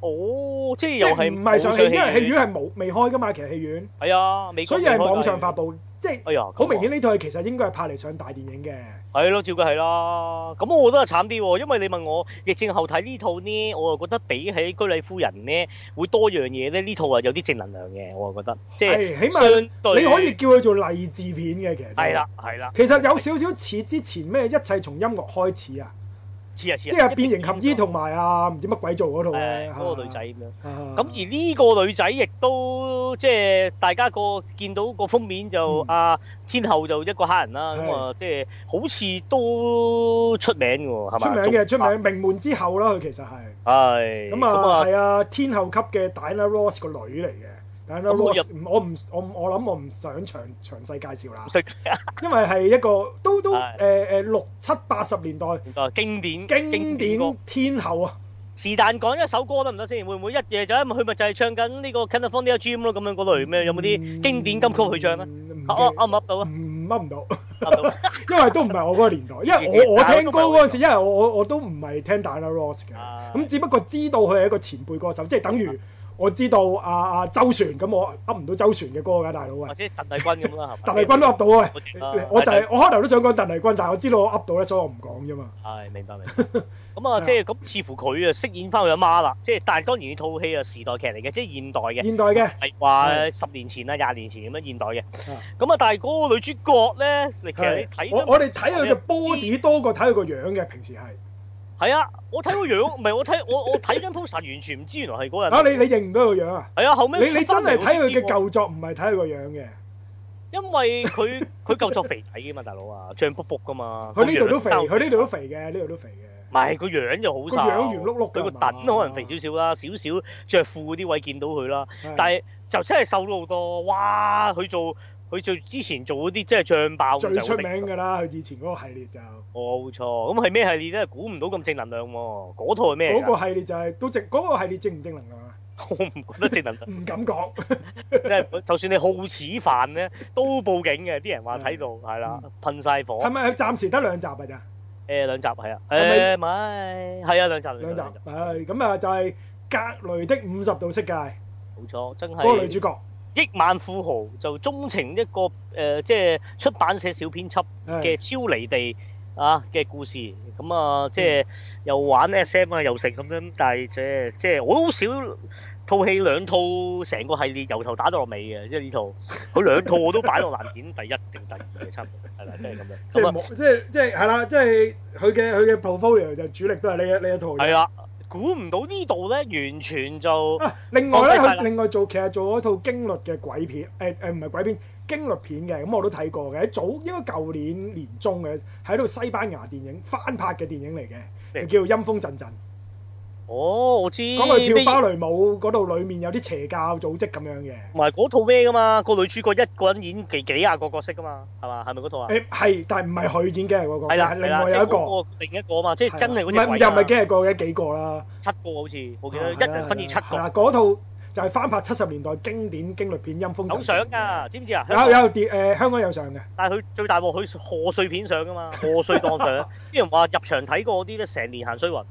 哦，即係又係唔係上戲院，因為戲院係冇未開噶嘛，其實戲院係啊，未開，所以係網上發布。然即係哎呀，好明顯呢套戲其實應該係拍嚟上大電影嘅。係咯，照佢係啦。咁我我覺得係慘啲，因為你問我疫症後睇呢套呢，我啊覺得比起《居里夫人》呢，會多樣嘢咧。呢套啊有啲正能量嘅。我啊覺得，即係、哎、起碼你可以叫佢做勵志片嘅，其實係啦係啦。其實有少少似之前咩，的一切從音樂開始啊。即係變形俠醫同埋啊，唔知乜鬼做嗰套嘅嗰個女仔咁樣。咁而呢個女仔亦都即係大家個見到個封面就啊天后，就一個黑人啦。咁啊即係好似都出名㗎喎，係嘛？出名嘅出名，名門之後啦，佢其實係係咁啊，係啊天后級嘅戴安娜羅斯個女嚟嘅。我唔我我諗我唔想詳詳細介紹啦，因為係一個都都誒誒六七八十年代經典經典天后啊！是但講一首歌得唔得先？會唔會一夜就一去咪就係唱緊呢個《c a n d a For The Gym》咯？咁樣嗰類咩？有冇啲經典金曲去唱咧？唔唔噏到啊！噏唔到，因為都唔係我嗰個年代，因為我我聽歌嗰陣時，因為我我我都唔係聽 Diana Ross 嘅，咁只不過知道佢係一個前輩歌手，即係等於。我知道阿阿周璇，咁我噏唔到周璇嘅歌㗎，大佬啊！或者鄧麗君咁啦，鄧麗君都噏到啊。我就係我開頭都想講鄧麗君，但係我知道我噏到咧，所以我唔講啫嘛。係，明白明白。咁啊，即係咁，似乎佢啊飾演翻佢阿媽啦，即係但係當然呢套戲啊時代劇嚟嘅，即係現代嘅。現代嘅係話十年前啊，廿年前咁樣現代嘅。咁啊，但係嗰個女主角咧，你其實你睇我哋睇佢嘅 body 多過睇佢個樣嘅，平時係。係啊，我睇個樣，唔係我睇 我我睇張 poster 完全唔知原來係嗰人。啊，你你認唔到個樣啊？係啊，後尾你你真係睇佢嘅舊作，啊，唔係睇佢個樣嘅，因為佢佢 舊作肥仔噶嘛，大佬啊，脹卜卜噶嘛。佢呢度都肥，佢呢度都肥嘅，呢度都肥嘅。唔係個樣就好瘦，個樣圓碌碌，碌，佢個墩可能肥少少啦，少少着褲啲位見到佢啦。的但係就真係瘦到好多，哇！佢做。佢最之前做嗰啲即係漲爆，最出名㗎啦！佢以前嗰個系列就，哦冇錯，咁係咩系列咧？估唔到咁正能量喎！嗰套係咩？嗰個系列就係都正，嗰個系列正唔正能量啊？我唔覺得正能量，唔敢講。即係就算你好似煩咧，都報警嘅。啲人話睇到，係啦，噴晒火。係咪？佢暫時得兩集啊？咋？誒兩集係啊。誒咪？係啊，兩集兩集。係咁啊，就係格雷的五十度色界。冇錯，真係嗰個女主角，億萬富豪就鍾情一個誒、呃，即係出版社小編輯嘅超離地啊嘅故事，咁啊，即係又玩 SM 啊，又成咁樣，但係即係即係我都少套戲兩套成個系列由頭打到落尾嘅，即係呢套佢兩套我都擺落爛片第一定第二嘅差唔多，係啦、就是，即係咁樣，即係即係即係係啦，即係佢嘅佢嘅 portfolio 就，是、就主力都係呢一你嘅套嘅。估唔到呢度咧，完全就啊！另外咧，佢另外做其實做一套驚慄嘅鬼片，誒誒唔係鬼片，驚慄片嘅，咁我都睇過嘅。早應該舊年年中嘅，係一套西班牙電影翻拍嘅電影嚟嘅，就叫陰風陣陣。哦，我知。講佢跳芭蕾舞嗰度，裏面有啲邪教組織咁樣嘅。唔係嗰套咩噶嘛？個女主角一個人演幾幾廿個角色噶嘛？係嘛？係咪嗰套啊？誒係，但係唔係佢演嘅，係嗰個係啦，另外有一個，另一個啊嘛，即係真係好似鬼唔係又唔係幾廿個嘅幾個啦，七個好似我記得一人分飾七個。嗱嗰套就係翻拍七十年代經典驚慄片《陰風陣陣》，有上噶，知唔知啊？有有呃香港有上嘅。但係佢最大鑊佢賀歲片上噶嘛，賀歲檔上，啲人話入場睇過嗰啲咧，成年行衰運。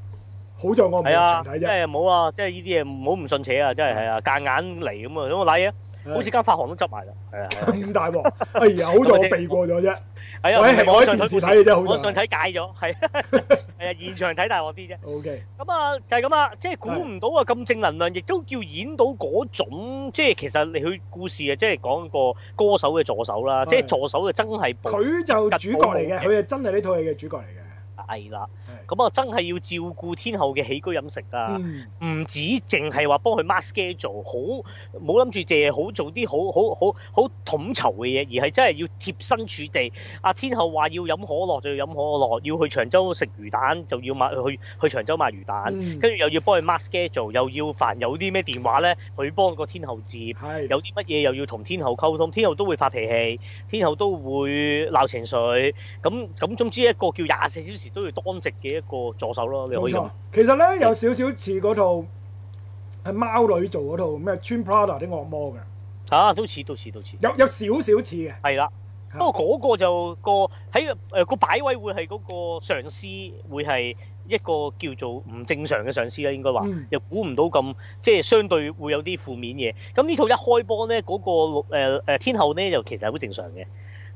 好在我唔係現場睇啫，即係冇啊！即係呢啲嘢唔好唔信邪啊！真係係啊，夾硬嚟咁啊，咁我睇嘢，好似間發行都執埋啦，係啊，咁大鑊，哎呀，好在我避過咗啫。喂，係咪喺電視睇嘅啫？好在我上睇解咗，係啊，係啊，現場睇大鑊啲啫。O K，咁啊，就係咁啊，即係估唔到啊，咁正能量，亦都叫演到嗰種，即係其實你佢故事啊，即係講個歌手嘅助手啦，即係助手就真係。佢就主角嚟嘅，佢係真係呢套戲嘅主角嚟嘅。係啦。咁啊，真係要照顧天后嘅起居飲食啊！唔止淨係話幫佢 mark schedule，好冇諗住淨係好做啲好好好好統籌嘅嘢，而係真係要貼身處地。阿天后話要飲可樂就要飲可樂，要去長洲食魚蛋就要買去去長洲買魚蛋，跟 住又要幫佢 mark schedule，又要煩有啲咩電話咧，佢幫個天后接，有啲乜嘢又要同天后溝通，天后都會發脾氣，天后都會鬧情緒。咁咁總之一個叫廿四小時都要當值嘅。一個助手咯，你可以冇、嗯、其實咧有少少似嗰套係貓女做嗰套咩穿 Prada 啲惡魔嘅，吓，都似都似都似。有有少少似嘅，係啦的。不過嗰個就個喺誒個擺位會係嗰個上司會係一個叫做唔正常嘅上司啦，應該話又估唔到咁，即係相對會有啲負面嘢。咁呢套一開波咧，嗰、那個誒、呃、天后咧就其實係好正常嘅，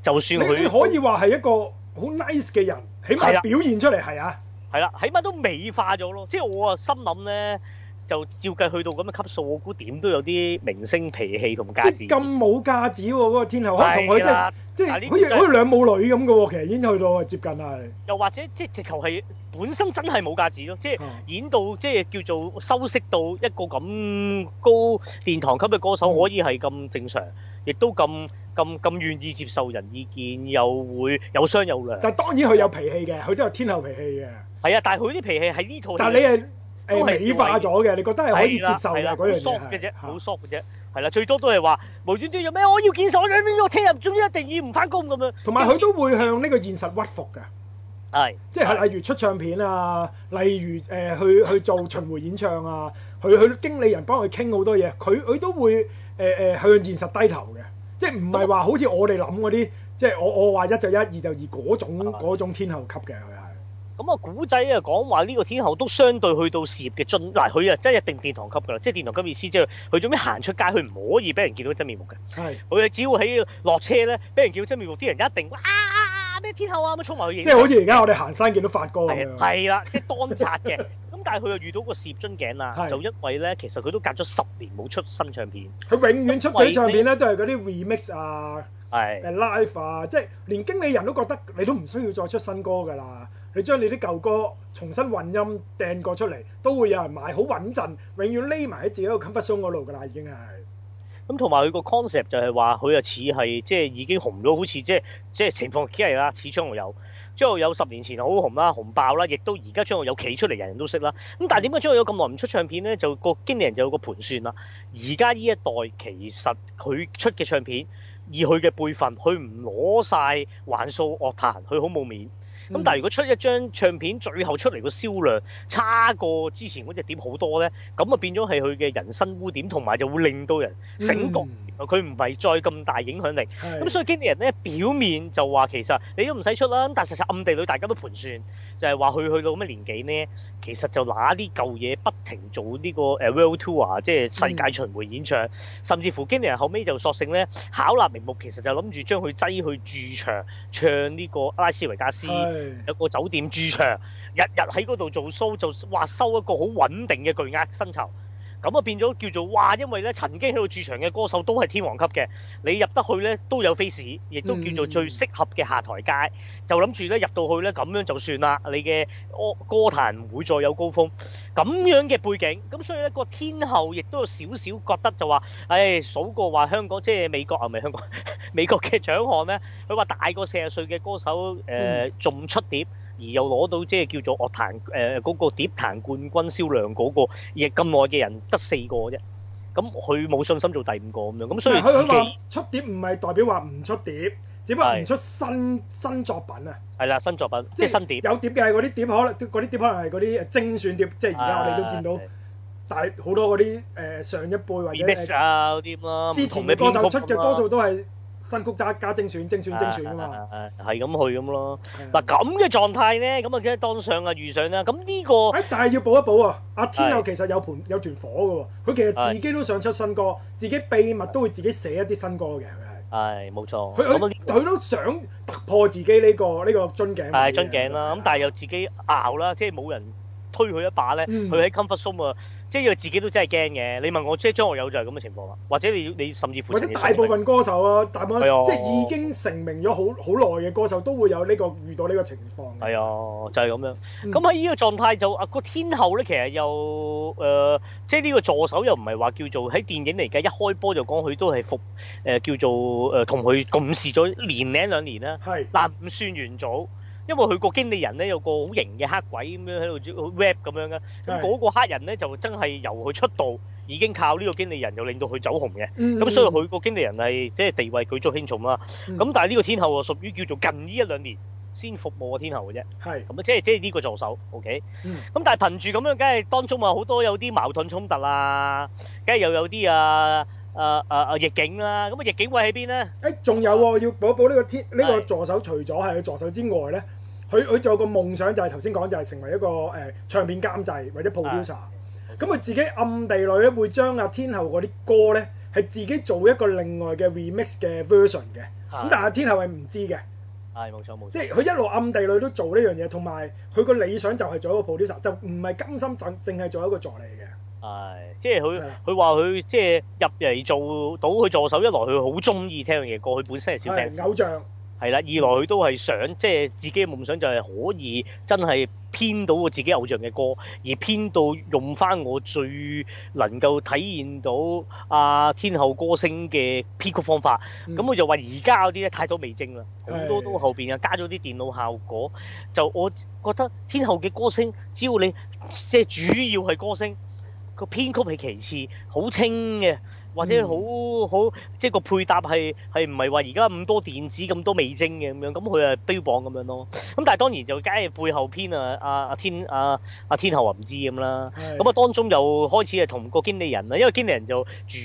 就算佢可以話係一個好 nice 嘅人，起碼表現出嚟係啊。的係啦，起碼都美化咗咯。即係我啊心諗咧，就照計去到咁嘅級數，我估點都有啲明星脾氣同架子。即係咁冇架子喎，嗰個天后，同佢即係即係好似好似兩母女咁嘅喎。其實已經去到係接近係。又或者即係直頭係本身真係冇架子咯。即係演到即係叫做修飾到一個咁高殿堂級嘅歌手，可以係咁正常，亦都咁咁咁願意接受人意見，又會有商有量。但係當然佢有脾氣嘅，佢都有天后脾氣嘅。係啊，但係佢啲脾氣喺呢套戲，但你係誒美化咗嘅，你覺得係可以接受嘅。嗰、啊啊、樣嘅啫，好 soft 啫、啊，係啦，啊啊、最多都係話無端端做咩，我要見所，我兩邊都聽入，總之一定要唔翻工咁樣。同埋佢都會向呢個現實屈服嘅，係、啊、即係例如出唱片啊，例如誒、呃、去去做巡迴演唱啊，佢佢、啊、經理人幫佢傾好多嘢，佢佢都會誒誒、呃、向現實低頭嘅，即係唔係話好似我哋諗嗰啲，即係我我話一就一，一就一就二就二嗰種，種、啊、種天后級嘅。咁啊，古仔又講話呢個天后都相對去到事業嘅樽，嗱佢啊真係一定殿堂級㗎啦，即係殿堂級意思即係佢做咩行出街，佢唔可以俾人見到真面目嘅。係，佢只要喺落車咧，俾人見到真面目，啲人一定啊咩天后啊，乜衝埋去即。即係好似而家我哋行山見到發哥咁係啦，即係當擲嘅。咁但係佢又遇到個事業樽頸啊，是的 就因為咧，其實佢都隔咗十年冇出新唱片。佢因為 永遠出啲唱片咧，你 都係嗰啲 remix 啊，誒的的 live 啊，即係連經理人都覺得你都唔需要再出新歌㗎啦。你將你啲舊歌重新混音掟過出嚟，都會有人買，好穩陣，永遠匿埋喺自己個 comfort zone 嗰度㗎啦，已經係。咁同埋佢個 concept 就係話，佢啊似係即係已經紅咗，好似即係即係情況幾係啦。張學友，張學友十年前好紅啦，紅爆啦，亦都而家張學友企出嚟，人人都識啦。咁但係點解張學友咁耐唔出唱片咧？就個經理人就有個盤算啦。而家呢一代其實佢出嘅唱片，以佢嘅輩份，佢唔攞晒橫掃樂壇，佢好冇面。咁但係如果出一張唱片，最後出嚟個銷量差過之前嗰隻碟好多咧，咁啊變咗係佢嘅人生污點，同埋就會令到人醒覺，佢唔係再咁大影響力。咁、嗯、所以經紀人咧，表面就話，其實你都唔使出啦，但係實實暗地裏大家都盤算。就係話佢去到咁嘅年紀咧，其實就拿啲舊嘢不停做呢個誒 world tour 啊，即係世界巡迴演唱，嗯、甚至乎經理人後尾就索性咧，巧立名目，其實就諗住將佢擠去駐場唱呢個阿拉斯維加斯有個酒店駐場，日日喺嗰度做 show，就話收一個好穩定嘅巨額薪酬。咁啊變咗叫做哇，因為咧曾經喺度駐場嘅歌手都係天王級嘅，你入得去咧都有 face，亦都叫做最適合嘅下台階。嗯、就諗住咧入到去咧咁樣就算啦，你嘅歌歌壇唔會再有高峰。咁樣嘅背景，咁所以咧個天后亦都有少少覺得就話，唉、哎，數過話香港即係美國啊，唔係香港，美國嘅獎項咧，佢話大過四十歲嘅歌手誒仲、呃、出碟。嗯而又攞到即係叫做樂壇誒嗰個碟壇冠軍銷量嗰個，亦咁耐嘅人得四個啫。咁佢冇信心做第五個咁樣。咁所以佢佢話出碟唔係代表話唔出碟，只不過唔出新新作品啊。係啦，新作品即係新碟。有碟嘅係嗰啲碟可能，嗰啲碟可能係嗰啲精選碟，即係而家我哋都見到但係好多嗰啲誒上一輩或者。Bish 啊嗰啲咯。之前歌手出嘅多數都係。新曲加精選精選精選啊嘛，係咁、啊啊啊啊就是、去咁咯。嗱咁嘅狀態咧，咁啊即係當上啊遇上啦。咁呢、這個，誒但係要補一補啊。阿天佑的其實有盤有團火嘅喎、啊，佢其實自己都想出新歌，的自己秘密都會自己寫一啲新歌嘅，佢係。冇、哎、錯，佢佢佢都想突破自己呢、這個呢、這個樽頸。係樽頸啦，咁但係又自己熬啦，即係冇人推佢一把咧，佢喺、嗯、comfort zone 啊。即係自己都真係驚嘅，你問我即係張學友就係咁嘅情況啦。或者你你甚至乎，或者大部分歌手啊，大部分即係已經成名咗好好耐嘅歌手都會有呢、呢個遇到呢個情況。係啊，就係、是、咁樣。咁喺呢個狀態就啊個、嗯、天后咧，其實又誒、呃，即係呢個助手又唔係話叫做喺電影嚟嘅，一開波就講佢都係服誒叫做誒同佢共事咗年零兩年啦。係嗱是，唔算完組。因為佢個經理人咧有個好型嘅黑鬼咁樣喺度，rap 咁樣嘅咁嗰個黑人咧就真係由佢出道已經靠呢個經理人就令到佢走紅嘅咁，所以佢個經理人係即係地位舉足輕重啦。咁但係呢個天后啊，屬於叫做近呢一兩年先服務嘅天后嘅啫，係咁啊，即係即係呢個助手。OK，咁、嗯、但係憑住咁樣，梗係當中啊好多有啲矛盾衝突啊，梗係又有啲啊。誒誒誒，逆境啦，咁啊逆境位喺邊咧？誒仲有喎，要補補呢個天呢個助手。除咗係佢助手之外咧，佢佢仲有個夢想，就係頭先講，就係成為一個誒唱片監製或者 producer。咁佢自己暗地裏咧會將阿天后嗰啲歌咧，係自己做一個另外嘅 remix 嘅 version 嘅。咁但係天后係唔知嘅，係冇錯冇錯。即係佢一路暗地裏都做呢樣嘢，同埋佢個理想就係做一個 producer，就唔係甘心就淨係做一個助理嘅。係，uh, 即係佢佢話佢即係入嚟做到佢助手。一來佢好中意聽嘅歌，佢本身係小聽偶像係啦。二來佢都係想即係自己嘅夢想就係可以真係編到我自己偶像嘅歌，而編到用翻我最能夠體現到阿、啊、天后歌星嘅編曲方法。咁佢的就話而家嗰啲咧太多味精啦，好的多都後邊又加咗啲電腦效果。就我覺得天后嘅歌星，只要你即係主要係歌星。編曲係其次，好清嘅，或者好好即係個配搭係係唔係話而家咁多電子咁多味精嘅咁樣，咁佢係標榜咁樣咯。咁但係當然就梗係背後編啊，阿阿天阿阿天后話唔知咁啦。咁啊當中又開始係同個經理人啦，因為經理人就主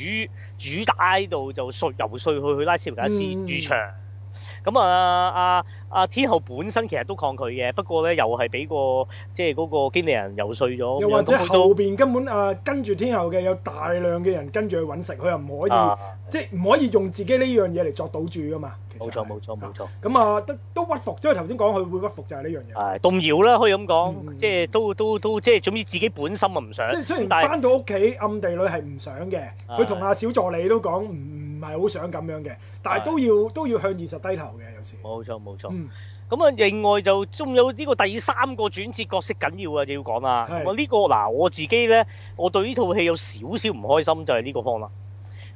主打喺度就説游說佢去拉斯維加斯駐場。咁啊，阿、啊、阿天后本身其實都抗拒嘅，不過咧又係俾個即係嗰個經理人游說咗。又或者後邊根本誒、啊、跟住天后嘅有大量嘅人跟住去揾食，佢又唔可以，啊、即係唔可以用自己呢樣嘢嚟作賭注噶嘛。冇錯冇錯冇錯。咁啊都都屈服，即係頭先講佢會屈服就係呢樣嘢。誒、啊、動搖啦，可以咁講，嗯、即係都都都即係總之自己本身啊唔想。即係但係雖然返到屋企暗地裏係唔想嘅，佢同阿小助理都講唔。嗯嗯唔係好想咁樣嘅，但係的都要都要向現實低頭嘅，有時。冇錯冇錯。錯嗯，咁啊，另外就仲有呢個第三個轉折角色緊要啊，就要講啦。我呢的、這個嗱，我自己咧，我對呢套戲有少少唔開心，就係、是、呢個方法。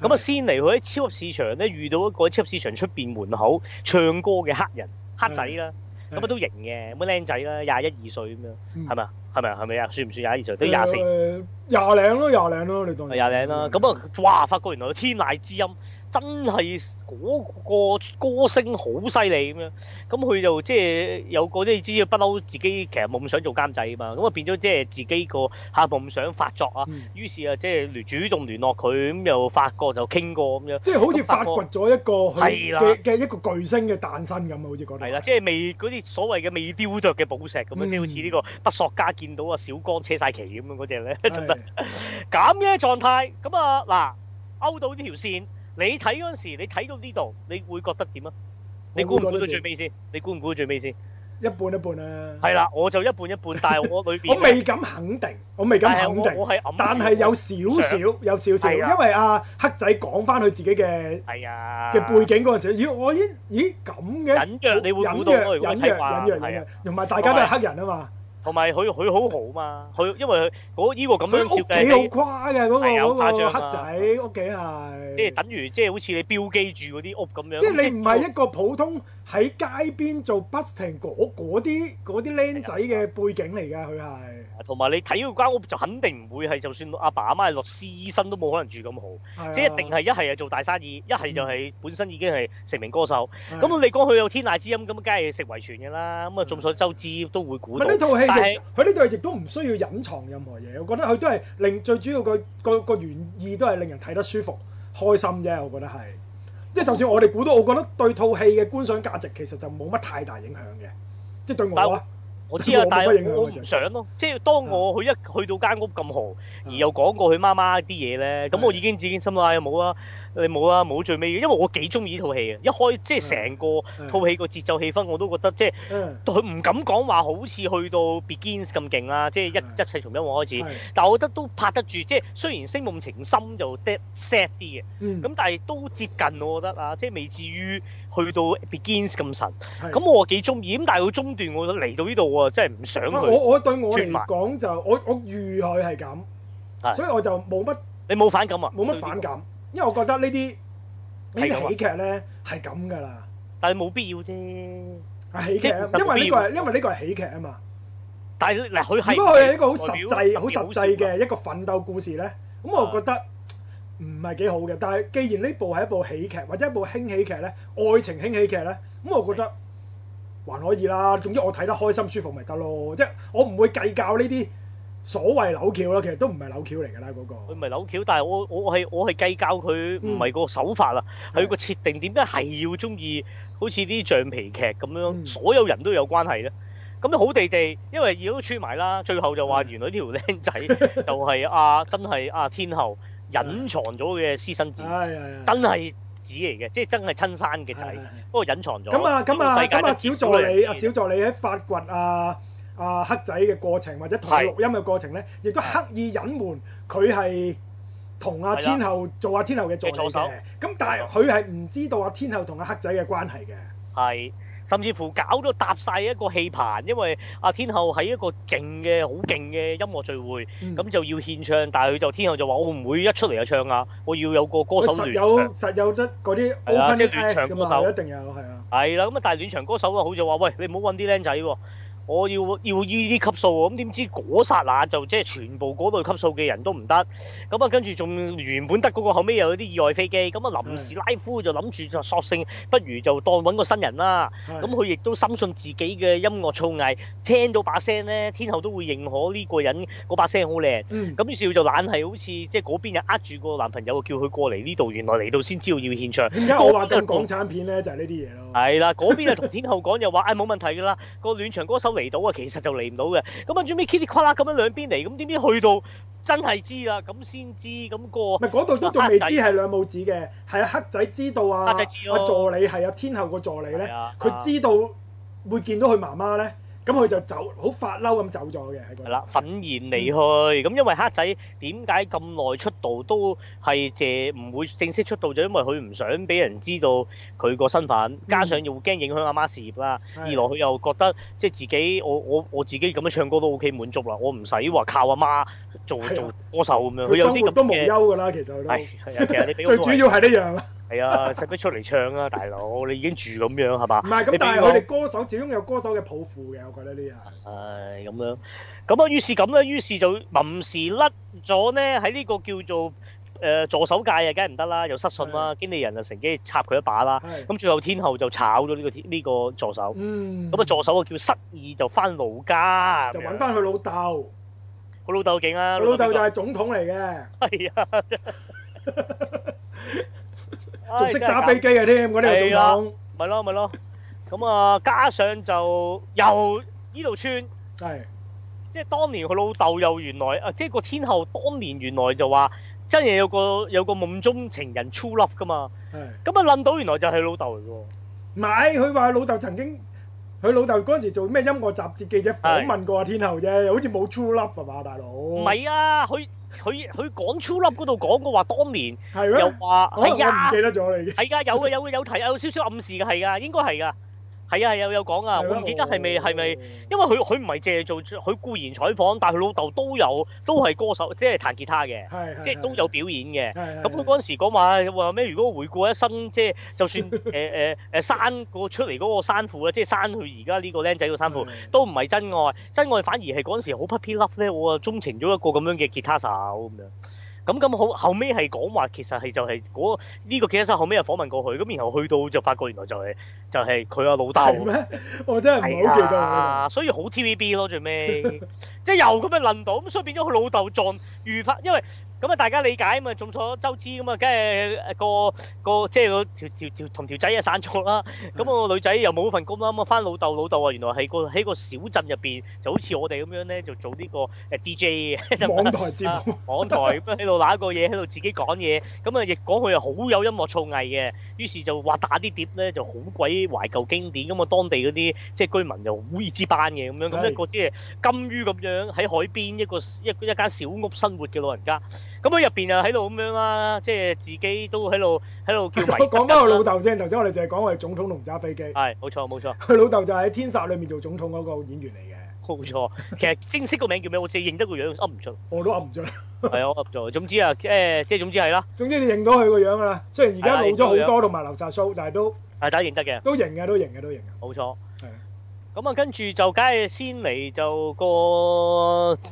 咁啊的，先嚟去喺超級市場咧，遇到一個喺超級市場出面門口唱歌嘅黑人黑仔啦。咁啊都型嘅，咁靚仔啦，廿 一二歲咁樣，係咪啊？係咪啊？係咪啊？算唔算廿一二歲？都廿四。誒，廿零咯，廿零咯，你當廿零啦。咁啊、嗯，哇！發覺原來有天籟之音。真係嗰個歌聲好犀利咁樣，咁佢就即係、就是、有嗰啲，只要不嬲自己，其實冇咁想做監製啊嘛，咁啊變咗即係自己個下部唔想發作啊，嗯、於是啊即係聯主動聯絡佢，咁又發覺就傾過咁樣。即係好似發掘咗一個佢嘅嘅一個巨星嘅誕生咁啊，好似講。係啦，即係未嗰啲所謂嘅未雕琢嘅寶石咁樣，即係好似呢個不索家見到啊小江扯晒旗咁樣嗰隻咧，得咁嘅狀態咁啊嗱，勾到呢條線。你睇嗰陣時，你睇到呢度，你會覺得點啊？你估唔估到最尾先？你估唔估到最尾先？一半一半啊！係啦，我就一半一半，但係我裏邊我未敢肯定，我未敢肯定。我係但係有少少，有少少，因為阿黑仔講返佢自己嘅係啊嘅背景嗰陣時，咦我咦咦咁嘅隱約，你會隱約隱約隱約隱約，同埋大家都係黑人啊嘛。同埋佢佢好好嘛，佢因為佢嗰依個咁樣設計，屋企好誇嘅嗰個嗰黑仔屋企係，即係等於即係好似你標記住嗰啲屋咁樣，即係你唔係一個普通。喺街邊做 busting 嗰啲啲僆仔嘅背景嚟㗎，佢係同埋你睇佢間屋就肯定唔會係，就算阿爸阿媽係律師醫生都冇可能住咁好，啊、即係一定係一係係做大生意，一係就係本身已經係成名歌手。咁、嗯嗯嗯、你講佢有天籟之音，咁梗係食遺傳嘅啦。咁啊，眾所周知都會估到。嗯、但係佢呢套戲亦都唔需要隱藏任何嘢，我覺得佢都係令最主要個個個原意都係令人睇得舒服、開心啫。我覺得係。即係就算我哋估到，我覺得對套戲嘅觀賞價值其實就冇乜太大影響嘅，即係對我我知啊，影但係我冇想咯、啊，即係當我去一去到間屋咁豪，而又講過佢媽媽啲嘢咧，咁我已經自己心諗有冇啦。你冇啦、啊，冇最尾嘅，因為我幾中意呢套戲啊。一開即係成個套戲個節奏氣氛我都覺得即係，佢唔敢講話好似去到 Begins 咁勁啦，即係一一切從零開始。的但係我覺得都拍得住，即係雖然《星夢情深》就 dead sad 啲嘅，咁、嗯、但係都接近我覺得啊，即係未至於去到 Begins 咁神。咁的我幾中意，咁但係佢中段我嚟到呢度我啊真係唔想佢。我我，我對我嚟講就我我預佢係咁，的所以我就冇乜。你冇反感啊？冇乜反感。因為我覺得的喜劇呢啲呢啲喜劇咧係咁噶啦，但係冇必要啫。喜劇劇是因為呢個係因為呢個係喜劇啊嘛。但係嗱佢如果佢係一個實際好實際好實際嘅一個奮鬥故事咧，咁、嗯嗯、我覺得唔係幾好嘅。但係既然呢部係一部喜劇或者一部輕喜劇咧，愛情輕喜劇咧，咁、嗯、我覺得還可以啦。總之我睇得開心舒服咪得咯，即、就、係、是、我唔會計較呢啲。所謂扭橋啦，其實都唔係扭橋嚟㗎啦，嗰個。佢唔係扭橋，但係我我係我係計較佢唔係個手法啦，係、嗯、個設定點解係要中意好似啲橡皮劇咁樣，嗯、所有人都有關係咧。咁好地地，因為已都串埋啦，最後就話原來條僆仔、嗯、就係阿、啊、真係阿、啊、天后隱藏咗嘅私生子，呀真係子嚟嘅，即係呀真係親生嘅仔，呀不過隱藏咗。咁啊咁啊咁啊，小助理啊小助理喺發掘啊！啊，黑仔嘅過程或者同佢錄音嘅過程咧，亦都的刻意隱瞞佢係同阿天后做阿、啊、天后嘅助手。咁的但係佢係唔知道阿、啊、天后同阿、啊、黑仔嘅關係嘅。係，甚至乎搞到搭晒一個戲棚，因為阿、啊、天后喺一個勁嘅、好勁嘅音樂聚會，咁、嗯、就要獻唱。但係佢就天后就話：我唔會一出嚟就唱啊，我要有個歌手聯唱。實有實的有得嗰啲啊，即係暖場歌手一定有，係啊。係啦，咁啊，但係暖場歌手喎，好似話喂，你唔好揾啲僆仔喎。我要要依啲級數喎，咁點知嗰剎那就即係全部嗰類級數嘅人都唔得，咁啊跟住仲原本得嗰個，後尾又有啲意外飛機，咁啊臨時拉夫就諗住就索性不如就當揾個新人啦。咁佢是的 亦都深信自己嘅音樂造詣，聽到把聲咧，天后都會認可呢個人個把聲好靚。咁、嗯、於是就懶係好似即係嗰邊就呃住個男朋友叫佢過嚟呢度，原來嚟到先知道要現場。而家我話都係港產片咧就係呢啲嘢咯 。係啦，嗰邊就同天后講又話誒冇問題㗎啦，個暖場歌手。嚟到啊，其實就嚟唔到嘅。咁啊，最尾攣啲垮啦，咁樣兩邊嚟，咁點知去到真係知啦？咁先知咁過。唔嗰度都仲未知係兩母子嘅，係啊，黑仔知道啊，阿、啊、助理係啊，天后個助理咧，佢、啊、知道會見到佢媽媽咧。咁佢就走，好發嬲咁走咗嘅，係啦的，憤然離去。咁、嗯、因為黑仔點解咁耐出道都係借唔會正式出道，就係、因為佢唔想俾人知道佢個身份，加上又驚影響阿媽事業啦。二、嗯、來佢又覺得的即係自己，我我我自己咁樣唱歌都 O K 滿足啦，我唔使話靠阿媽做的做歌手咁生樣。佢有啲咁都冇憂噶啦，其實係係啊，其實你俾我 最主要係呢樣。 係 啊，使乜出嚟唱啊，大佬！你已經住咁樣係嘛？唔係咁，但係我哋歌手始終有歌手嘅抱負嘅，我覺得呢啲啊。唉、哎，咁樣，咁啊，於是咁咧，於是就臨時甩咗呢。喺呢個叫做誒、呃、助手界啊，梗係唔得啦，又失信啦，的經理人就乘機插佢一把啦。咁的最後天后就炒咗呢、這個呢、這個助手。嗯。咁啊，助手啊叫失意就翻老家。嗯、就揾翻佢老豆。佢老豆勁啊！我老豆就係總統嚟嘅。係啊。仲識揸飛機嘅添，我呢度仲講咪咯咪咯，咁啊加上就又呢度串，係的即係當年佢老豆又原來啊，即係個天后當年原來就話真係有個有個夢中情人 true love 噶嘛，咁啊諗到原來就係老豆嚟嘅喎，唔係佢話佢老豆曾經佢老豆嗰陣時做咩音樂雜誌記者訪問過天后啫，又的好似冇 true love 啊嘛，大佬唔係啊佢。佢佢講超粒嗰度講過話當年係咩？嗎又話係呀，唔記得咗你。係㗎，有嘅有嘅有提，有少少 暗示㗎，係㗎、啊，應該係㗎。係啊，係啊，有講啊，我唔、啊、記得係咪係咪，因為佢佢唔係借做，佢固然採訪，但係佢老豆都有，都係歌手，即、就、係、是、彈吉他嘅，即係是都有表演嘅。咁佢嗰陣時講話話咩？如果回顧一生，即係就算誒誒誒，生、呃、個出嚟嗰個衫褲，即係生佢而家呢個僆仔個山褲，都唔係真愛，真愛反而係嗰陣時好 puppy love 呢，我啊鍾情咗一個咁樣嘅吉他手咁樣。咁咁好，後尾係講話其實係就係嗰呢個記者生，後尾又訪問過佢，咁然後去到就發覺原來就係、是、就係佢阿老豆，我真係唔係好記得，哎、呀啊所， 所以好 TVB 咯最尾，即係由咁樣輪到，咁所以變咗佢老豆撞預發，因為。咁啊，大家理解啊嘛！眾所周知咁啊，梗係個個，個即係個條條條同條仔啊散咗啦。咁、嗯、個女仔又冇份工啦。咁、嗯、啊，返老豆老豆啊，原來係個喺個小鎮入邊，就好似我哋咁樣咧，就做呢個誒 DJ 嘅網台節目。啊、網台喺度揦個嘢，喺度自己講嘢。咁、嗯、啊，亦講佢又好有音樂造詣嘅。於是就話打啲碟咧，就好鬼懷舊經典。咁、嗯、啊，當地嗰啲即係居民又好熱支援嘅咁樣。咁、嗯、一個即係甘於咁樣喺海邊一個一一間小屋生活嘅老人家。咁佢入邊啊喺度咁樣啦，即係自己都喺度喺度叫迷失啦。講翻我，我老豆先，頭先我哋淨係講係總統龍揸飛機。係，冇錯冇錯。佢老豆就喺天煞裏面做總統嗰個演員嚟嘅。冇錯錯， 其實正式個名叫咩？我只係認得個樣，噏唔出。我都噏唔出。係啊， 噏唔出。總之啊，誒、呃，即係總之係啦。總之你認到佢個樣啦，雖然而家老咗好多同埋流晒鬚，但係都係大家認得嘅。都認嘅，都認嘅，都認嘅。冇錯。咁啊，跟住就梗係先嚟，就個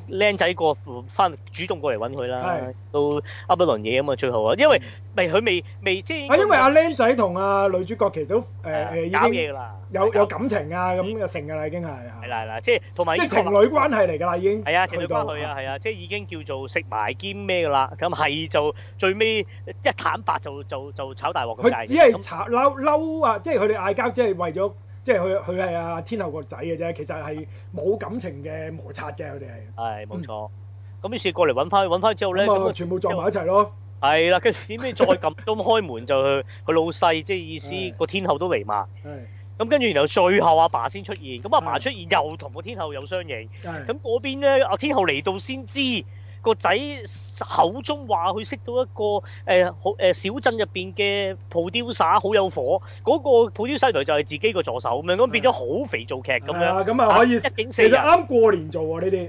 僆仔過翻主動過嚟揾佢啦。都噏一輪嘢咁啊，最後啊，因為未佢未未即係。啊，因為阿僆仔同阿女主角其實都誒誒已經有有感情啊，咁就成噶啦，已經係。係啦係啦，即係同埋即係情侶關係嚟噶啦，已經。係啊，情侶關係啊，係啊，即係已經叫做食埋兼咩噶啦。咁係就最尾一坦白，就就就炒大鑊咁解。佢只係炒嬲嬲啊！即係佢哋嗌交，即係為咗。即係佢佢係阿天后個仔嘅啫，其實係冇感情嘅摩擦嘅，佢哋係。係冇錯。咁於是過嚟揾翻揾翻之後咧，咁啊全部撞埋一齊咯。係啦，跟住點知再撳？咁 開門就佢老細，即係意思個天后都嚟嘛。係。咁跟住然後最後阿爸先出現，咁阿爸，爸出現又同個天后有相認。咁嗰邊咧，阿天后嚟到先知。個仔口中話佢識到一個誒好誒小鎮入邊嘅鋪雕耍好有火，嗰個鋪雕耍台就係自己個助手咁樣，咁變咗好肥皂劇咁樣。咁啊可以。其實啱過年做喎呢啲，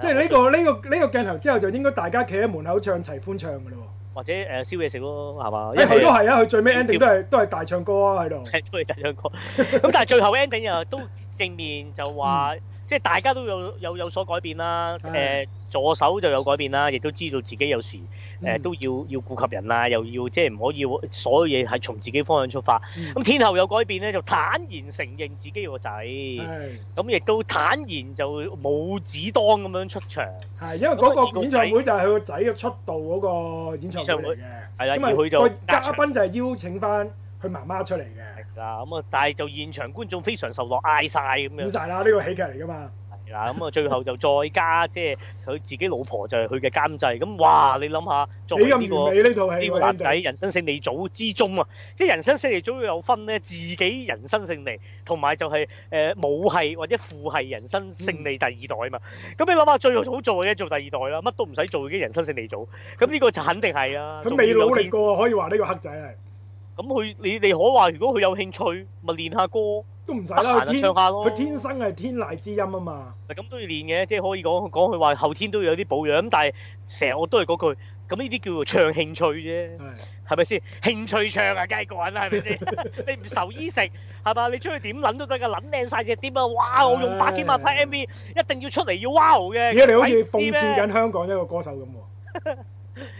即係呢個呢個呢個鏡頭之後，就應該大家企喺門口唱齊歡唱㗎啦。或者誒燒嘢食咯，係嘛？因為誒佢都係啊，佢最尾 ending 都係都係大唱歌喺度，都係大唱歌。咁但係最後 ending 又都正面就話。即係大家都有有有所改變啦，誒是的 助手就有改變啦，亦都知道自己有時誒都要要顧及人啊，嗯、又要即係唔可以所有嘢係從自己方向出發，咁、嗯、天后有改變咧，就坦然承認自己個仔，咁是的 亦都坦然就冇子當咁樣出場，係因為個演唱會就係佢個仔嘅出道個演唱會，係啦，因為佢就嘉賓就係邀請翻佢媽媽出嚟嘅。咁啊、嗯，但係就現場觀眾非常受落，嗌晒，咁樣，喊啦！呢個喜劇嚟㗎嘛，係啦，咁、嗯、啊，最後就再加，即係佢自己老婆就係佢嘅監製，咁、 嗯、哇，你諗下，做呢、這個呢 男仔人生勝利組之中啊， 即係人生勝利組有分咧，自己人生勝利同埋就係誒母系或者父系人生勝利第二代啊嘛，咁 你諗下最好做嘅做第二代啦，乜都唔使做嘅人生勝利組，咁呢個就肯定係啊。佢未 努力過可以話呢個黑仔係。咁佢你你可話如果佢有興趣，咪練下歌，都唔使得閒去唱下咯。佢天生係天籟之音啊嘛。嗱咁都要練嘅，即係可以講講佢話後天都要有啲保養。咁但係成日我都係嗰句，咁呢啲叫做唱興趣啫，係咪先？興趣唱啊，梗係個人啦，係咪先？你唔愁衣食，係嘛？你出去點諗都得噶，諗靚晒隻店啊！哇，我用八千萬拍 MV，一定要出嚟要 wow 嘅。而家你好似諷刺緊香港一個歌手咁喎。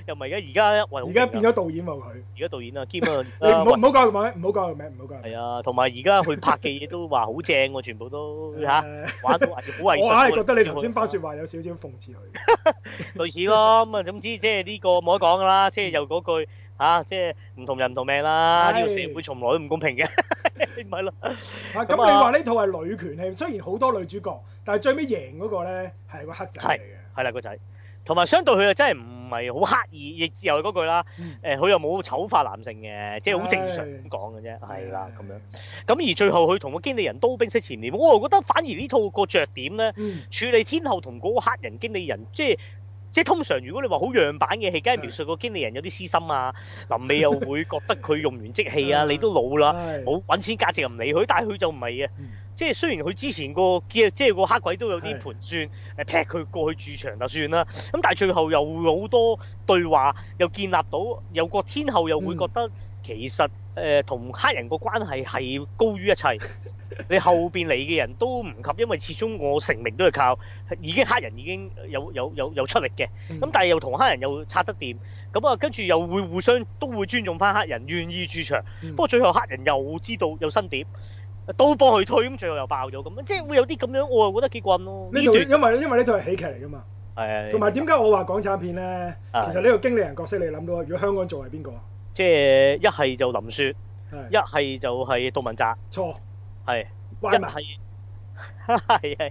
又唔係嘅，而家而家變咗導演喎佢，而家導演啊，兼啊，你唔好唔好講個名，唔好講個名，唔好講。係啊，同埋而家佢拍嘅嘢都話好正嘅，全部都吓，玩到好衛生。我係覺得你頭先翻說話有少少諷刺佢，類似咯。咁啊，總之即係呢個冇得講噶啦，即係又嗰句吓，即係唔同人唔同命啦。呢個社會從來都唔公平嘅，唔係咯。啊，咁你話呢套係女權戲，雖然好多女主角，但係最尾贏嗰個咧係個黑仔嚟嘅，係啦個仔。同埋相對佢又真係唔係好刻意，亦又係嗰句啦。誒、 呃，佢又冇醜化男性嘅，即係好正常咁講嘅啫。係啦， 咁樣。咁而最後佢同個經理人都冰釋前嫌，我又覺得反而呢套個着點咧，處理天后同嗰個黑人經理人，即係即係通常如果你話好樣板嘅戲，梗係描述個經理人有啲私心啊。臨尾又會覺得佢用完即棄啊， 你都老啦，冇揾 錢價值又唔理佢，但係佢就唔係啊。 即係雖然佢之前個即係個黑鬼都有啲盤算，誒是的 劈佢過去駐場就算啦。咁但係最後又會好多對話，又建立到有個天后又會覺得、嗯、其實誒同、呃、黑人個關係係高於一切。你後邊嚟嘅人都唔及，因為始終我成名都係靠已經黑人已經有有有有出力嘅。咁、嗯、但係又同黑人又擦得掂，咁啊跟住又會互相都會尊重翻黑人，願意駐場。嗯、不過最後黑人又知道有新碟。都幫佢推咁，最後又爆咗咁，即係會有啲咁樣，我又覺得幾棍咯。呢套因為因為呢套係喜劇嚟㗎嘛，係。同埋點解我話港產片咧？係。其實呢個經理人角色你諗到，如果香港做係邊個？即係一係就林雪，係。一係就係杜汶澤。係。一係錯。係。係。一係。係 啊！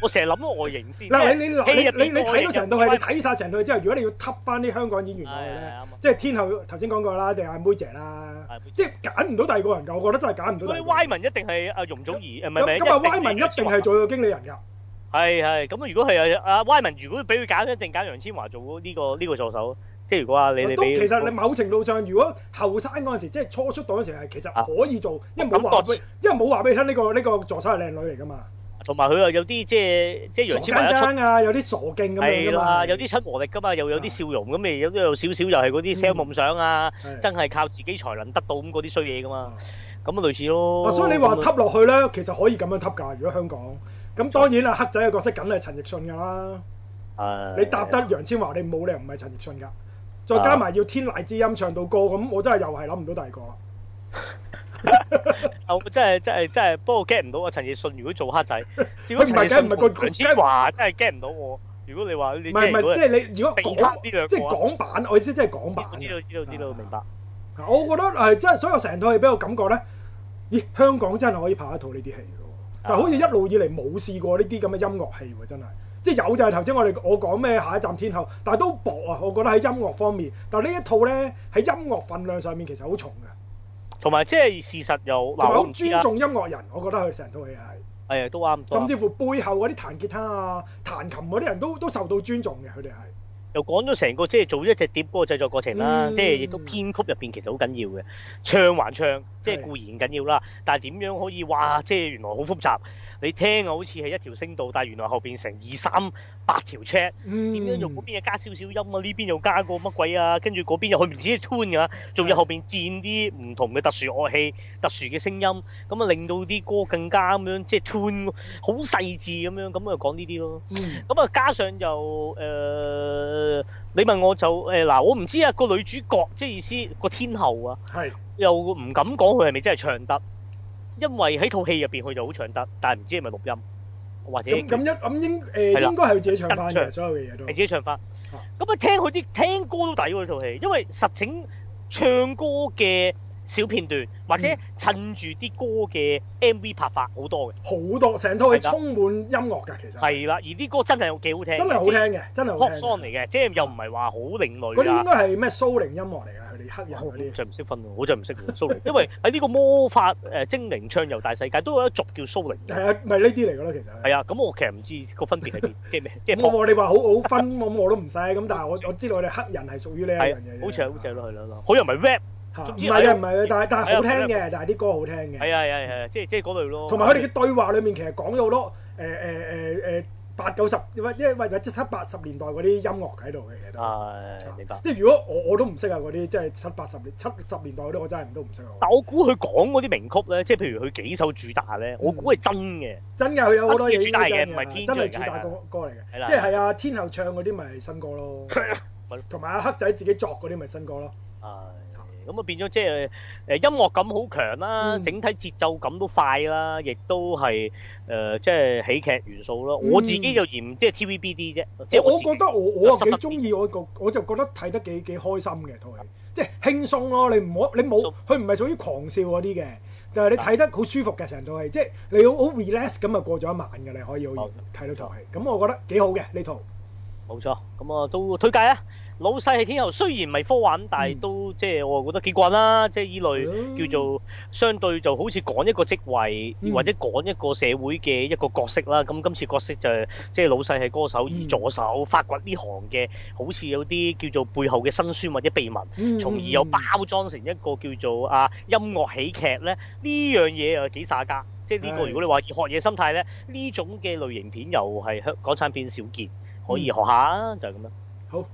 我成日諗外形先。嗱， 你你你你睇到成套你睇晒成套之後，如果你要揷翻啲香港演員落去咧，即係天后頭先講過啦，定阿妹姐啦，即係揀唔到第二個人噶，我覺得真係揀唔到。咁阿 Y 文一定係阿容祖兒，咁咁阿 Y 文一定係做個經理人噶。係係，咁如果係阿阿 Y 文，如果俾佢揀，一定揀楊千嬅做呢、這個呢、這個助手。即係如果啊，你你都其實你某程度上，如果後生嗰陣時，即係初出道嗰陣時係其實可以做，因為冇話，因為冇話俾你聽呢個呢個助手係靚女嚟噶嘛。同埋佢又有啲即係即係楊千嬅出啊，有啲傻勁咁樣啦，有啲親和力噶嘛，又有啲笑容咁咪有都有少少又係嗰啲 sell 夢想啊，真係靠自己才能得到咁嗰啲衰嘢噶嘛。咁啊類似咯。所以你話揷落去咧，其實可以咁樣揷㗎。如果香港咁，當然啊黑仔嘅角色梗係陳奕迅㗎啦。你搭得楊千嬅，你冇理由唔係陳奕迅㗎。再加埋要天籟之音唱到歌，咁我真係又係諗唔到第二個啦。我真係真係真係，不過 get 唔到啊！陳奕迅如果做黑仔，佢唔係嘅，唔係個雞話，真係 get 唔到我。如果你話唔係唔係，你你即係你如果即係港版，啊、我意思即係港版。知道知道知道，明白。我覺得係真係，所有成套戲俾我感覺咧，咦、欸？香港真係可以拍一套呢啲戲，但係好似一路以嚟冇試過呢啲咁嘅音樂戲喎，真係。即係有就係頭先我哋我講咩下一站天后，但係都薄啊！我覺得喺音樂方面，但係呢一套咧喺音樂分量上面其實好重嘅，同埋即係事實又話好尊重音樂人，啊我，啊、我覺得佢成套戲係係都啱。甚至乎背後嗰啲彈吉他啊、彈琴嗰啲人都都受到尊重嘅，佢哋係又講咗成個即係做一隻碟嗰個製作過程啦，即係亦都編曲入邊其實好緊要嘅，唱還唱即係、就是、固然緊要啦，的但係點樣可以哇？即、就、係、是、原來好複雜。你聽啊，好似係一條聲道，但係原來後邊成二三八條尺，點、嗯、樣用嗰邊、啊、邊又加少少音啊？呢邊又加個乜鬼啊？跟住嗰邊又去唔自己 tune 噶，仲要後邊戰啲唔同嘅特殊樂器、特殊嘅聲音，咁啊令到啲歌更加咁樣，即係 tune 好細緻咁樣，咁啊講呢啲咯。咁啊、嗯、加上就誒、呃，你問我就誒嗱、呃，我唔知啊個女主角即係意思個天后啊，是又唔敢講佢係咪真係唱得。因為喺套戲入邊佢就好唱得，但係唔知係咪錄音或者咁一咁應誒應該係佢、呃、的自己唱返嘅唱所有嘢都係自己唱返。咁啊、嗯、聽佢啲聽歌都抵喎呢套戲，因為實情唱歌嘅。小片段或者趁住啲歌嘅 MV 拍法好多嘅，好多成套係充滿音樂嘅其實。係啦，而啲歌真係有幾好聽，真係好聽嘅，真係好。Pop song 嚟嘅，即係又唔係話好另類啦。嗰啲應該係咩？蘇寧音樂嚟㗎，佢哋黑人嗰啲。我就唔識分喎，我就唔識蘇寧，因為喺呢個魔法誒精靈唱遊大世界都有一族叫蘇寧。係啊，咪呢啲嚟㗎啦，其實。係啊，咁我其實唔知個分別係啲咩，即係。我話你話好好分，咁我都唔使咁。但係我我知道你黑人係屬於呢一樣嘅。好正好正咯，係咯，係咯。佢又唔係 rap。唔係嘅，唔係嘅。但係但係好聽嘅，但係啲歌好聽嘅。係啊係啊係啊，即係即係嗰類咯。同埋佢哋嘅對話裡面其實講咗好多誒誒誒誒八九十，或或或即係七八十年代嗰啲音樂喺度嘅，其實都係明白。即係如果我我都唔識啊嗰啲，即係七八十年七十年代嗰啲，我真係都唔識。但我估佢講嗰啲名曲咧，即係譬如佢幾首主打咧，我估係真嘅。真嘅，佢有好多嘢主打嘅，唔係編嘅。真係主打歌歌嚟嘅。即係係啊，天后唱嗰啲咪新歌咯。同埋阿黑仔自己作嗰啲咪新歌咯。係。咁啊變咗即係誒音樂感好強啦，整體節奏感都快啦，亦都係誒即係喜劇元素咯。我自己就嫌即係 TVB 啲啫，即係我覺得我我啊幾鍾意，我個我就覺得睇得幾幾開心嘅套戲，即係輕鬆咯。你唔好你冇，佢唔係屬於狂笑嗰啲嘅，就係你睇得好舒服嘅成套戲，即係你要好 relax 咁啊過咗一晚嘅你可以睇到套戲，咁我覺得幾好嘅呢套。冇錯，咁啊都推介啊！老細係天后，雖然唔係科幻，但係都即係我覺得幾慣啦。即係呢類叫做相對就好似講一個職位，或者講一個社會嘅一個角色啦。咁今次角色就係、即係老細係歌手而助手、嗯、發掘呢行嘅，好似有啲叫做背後嘅辛酸或者秘密，從而又包裝成一個叫做啊音樂喜劇咧。呢樣嘢又幾耍家，即係呢個如果你話學嘢心態咧，呢種嘅類型片又係香港產片少見，可以學下就係、是、咁樣。嗯、好。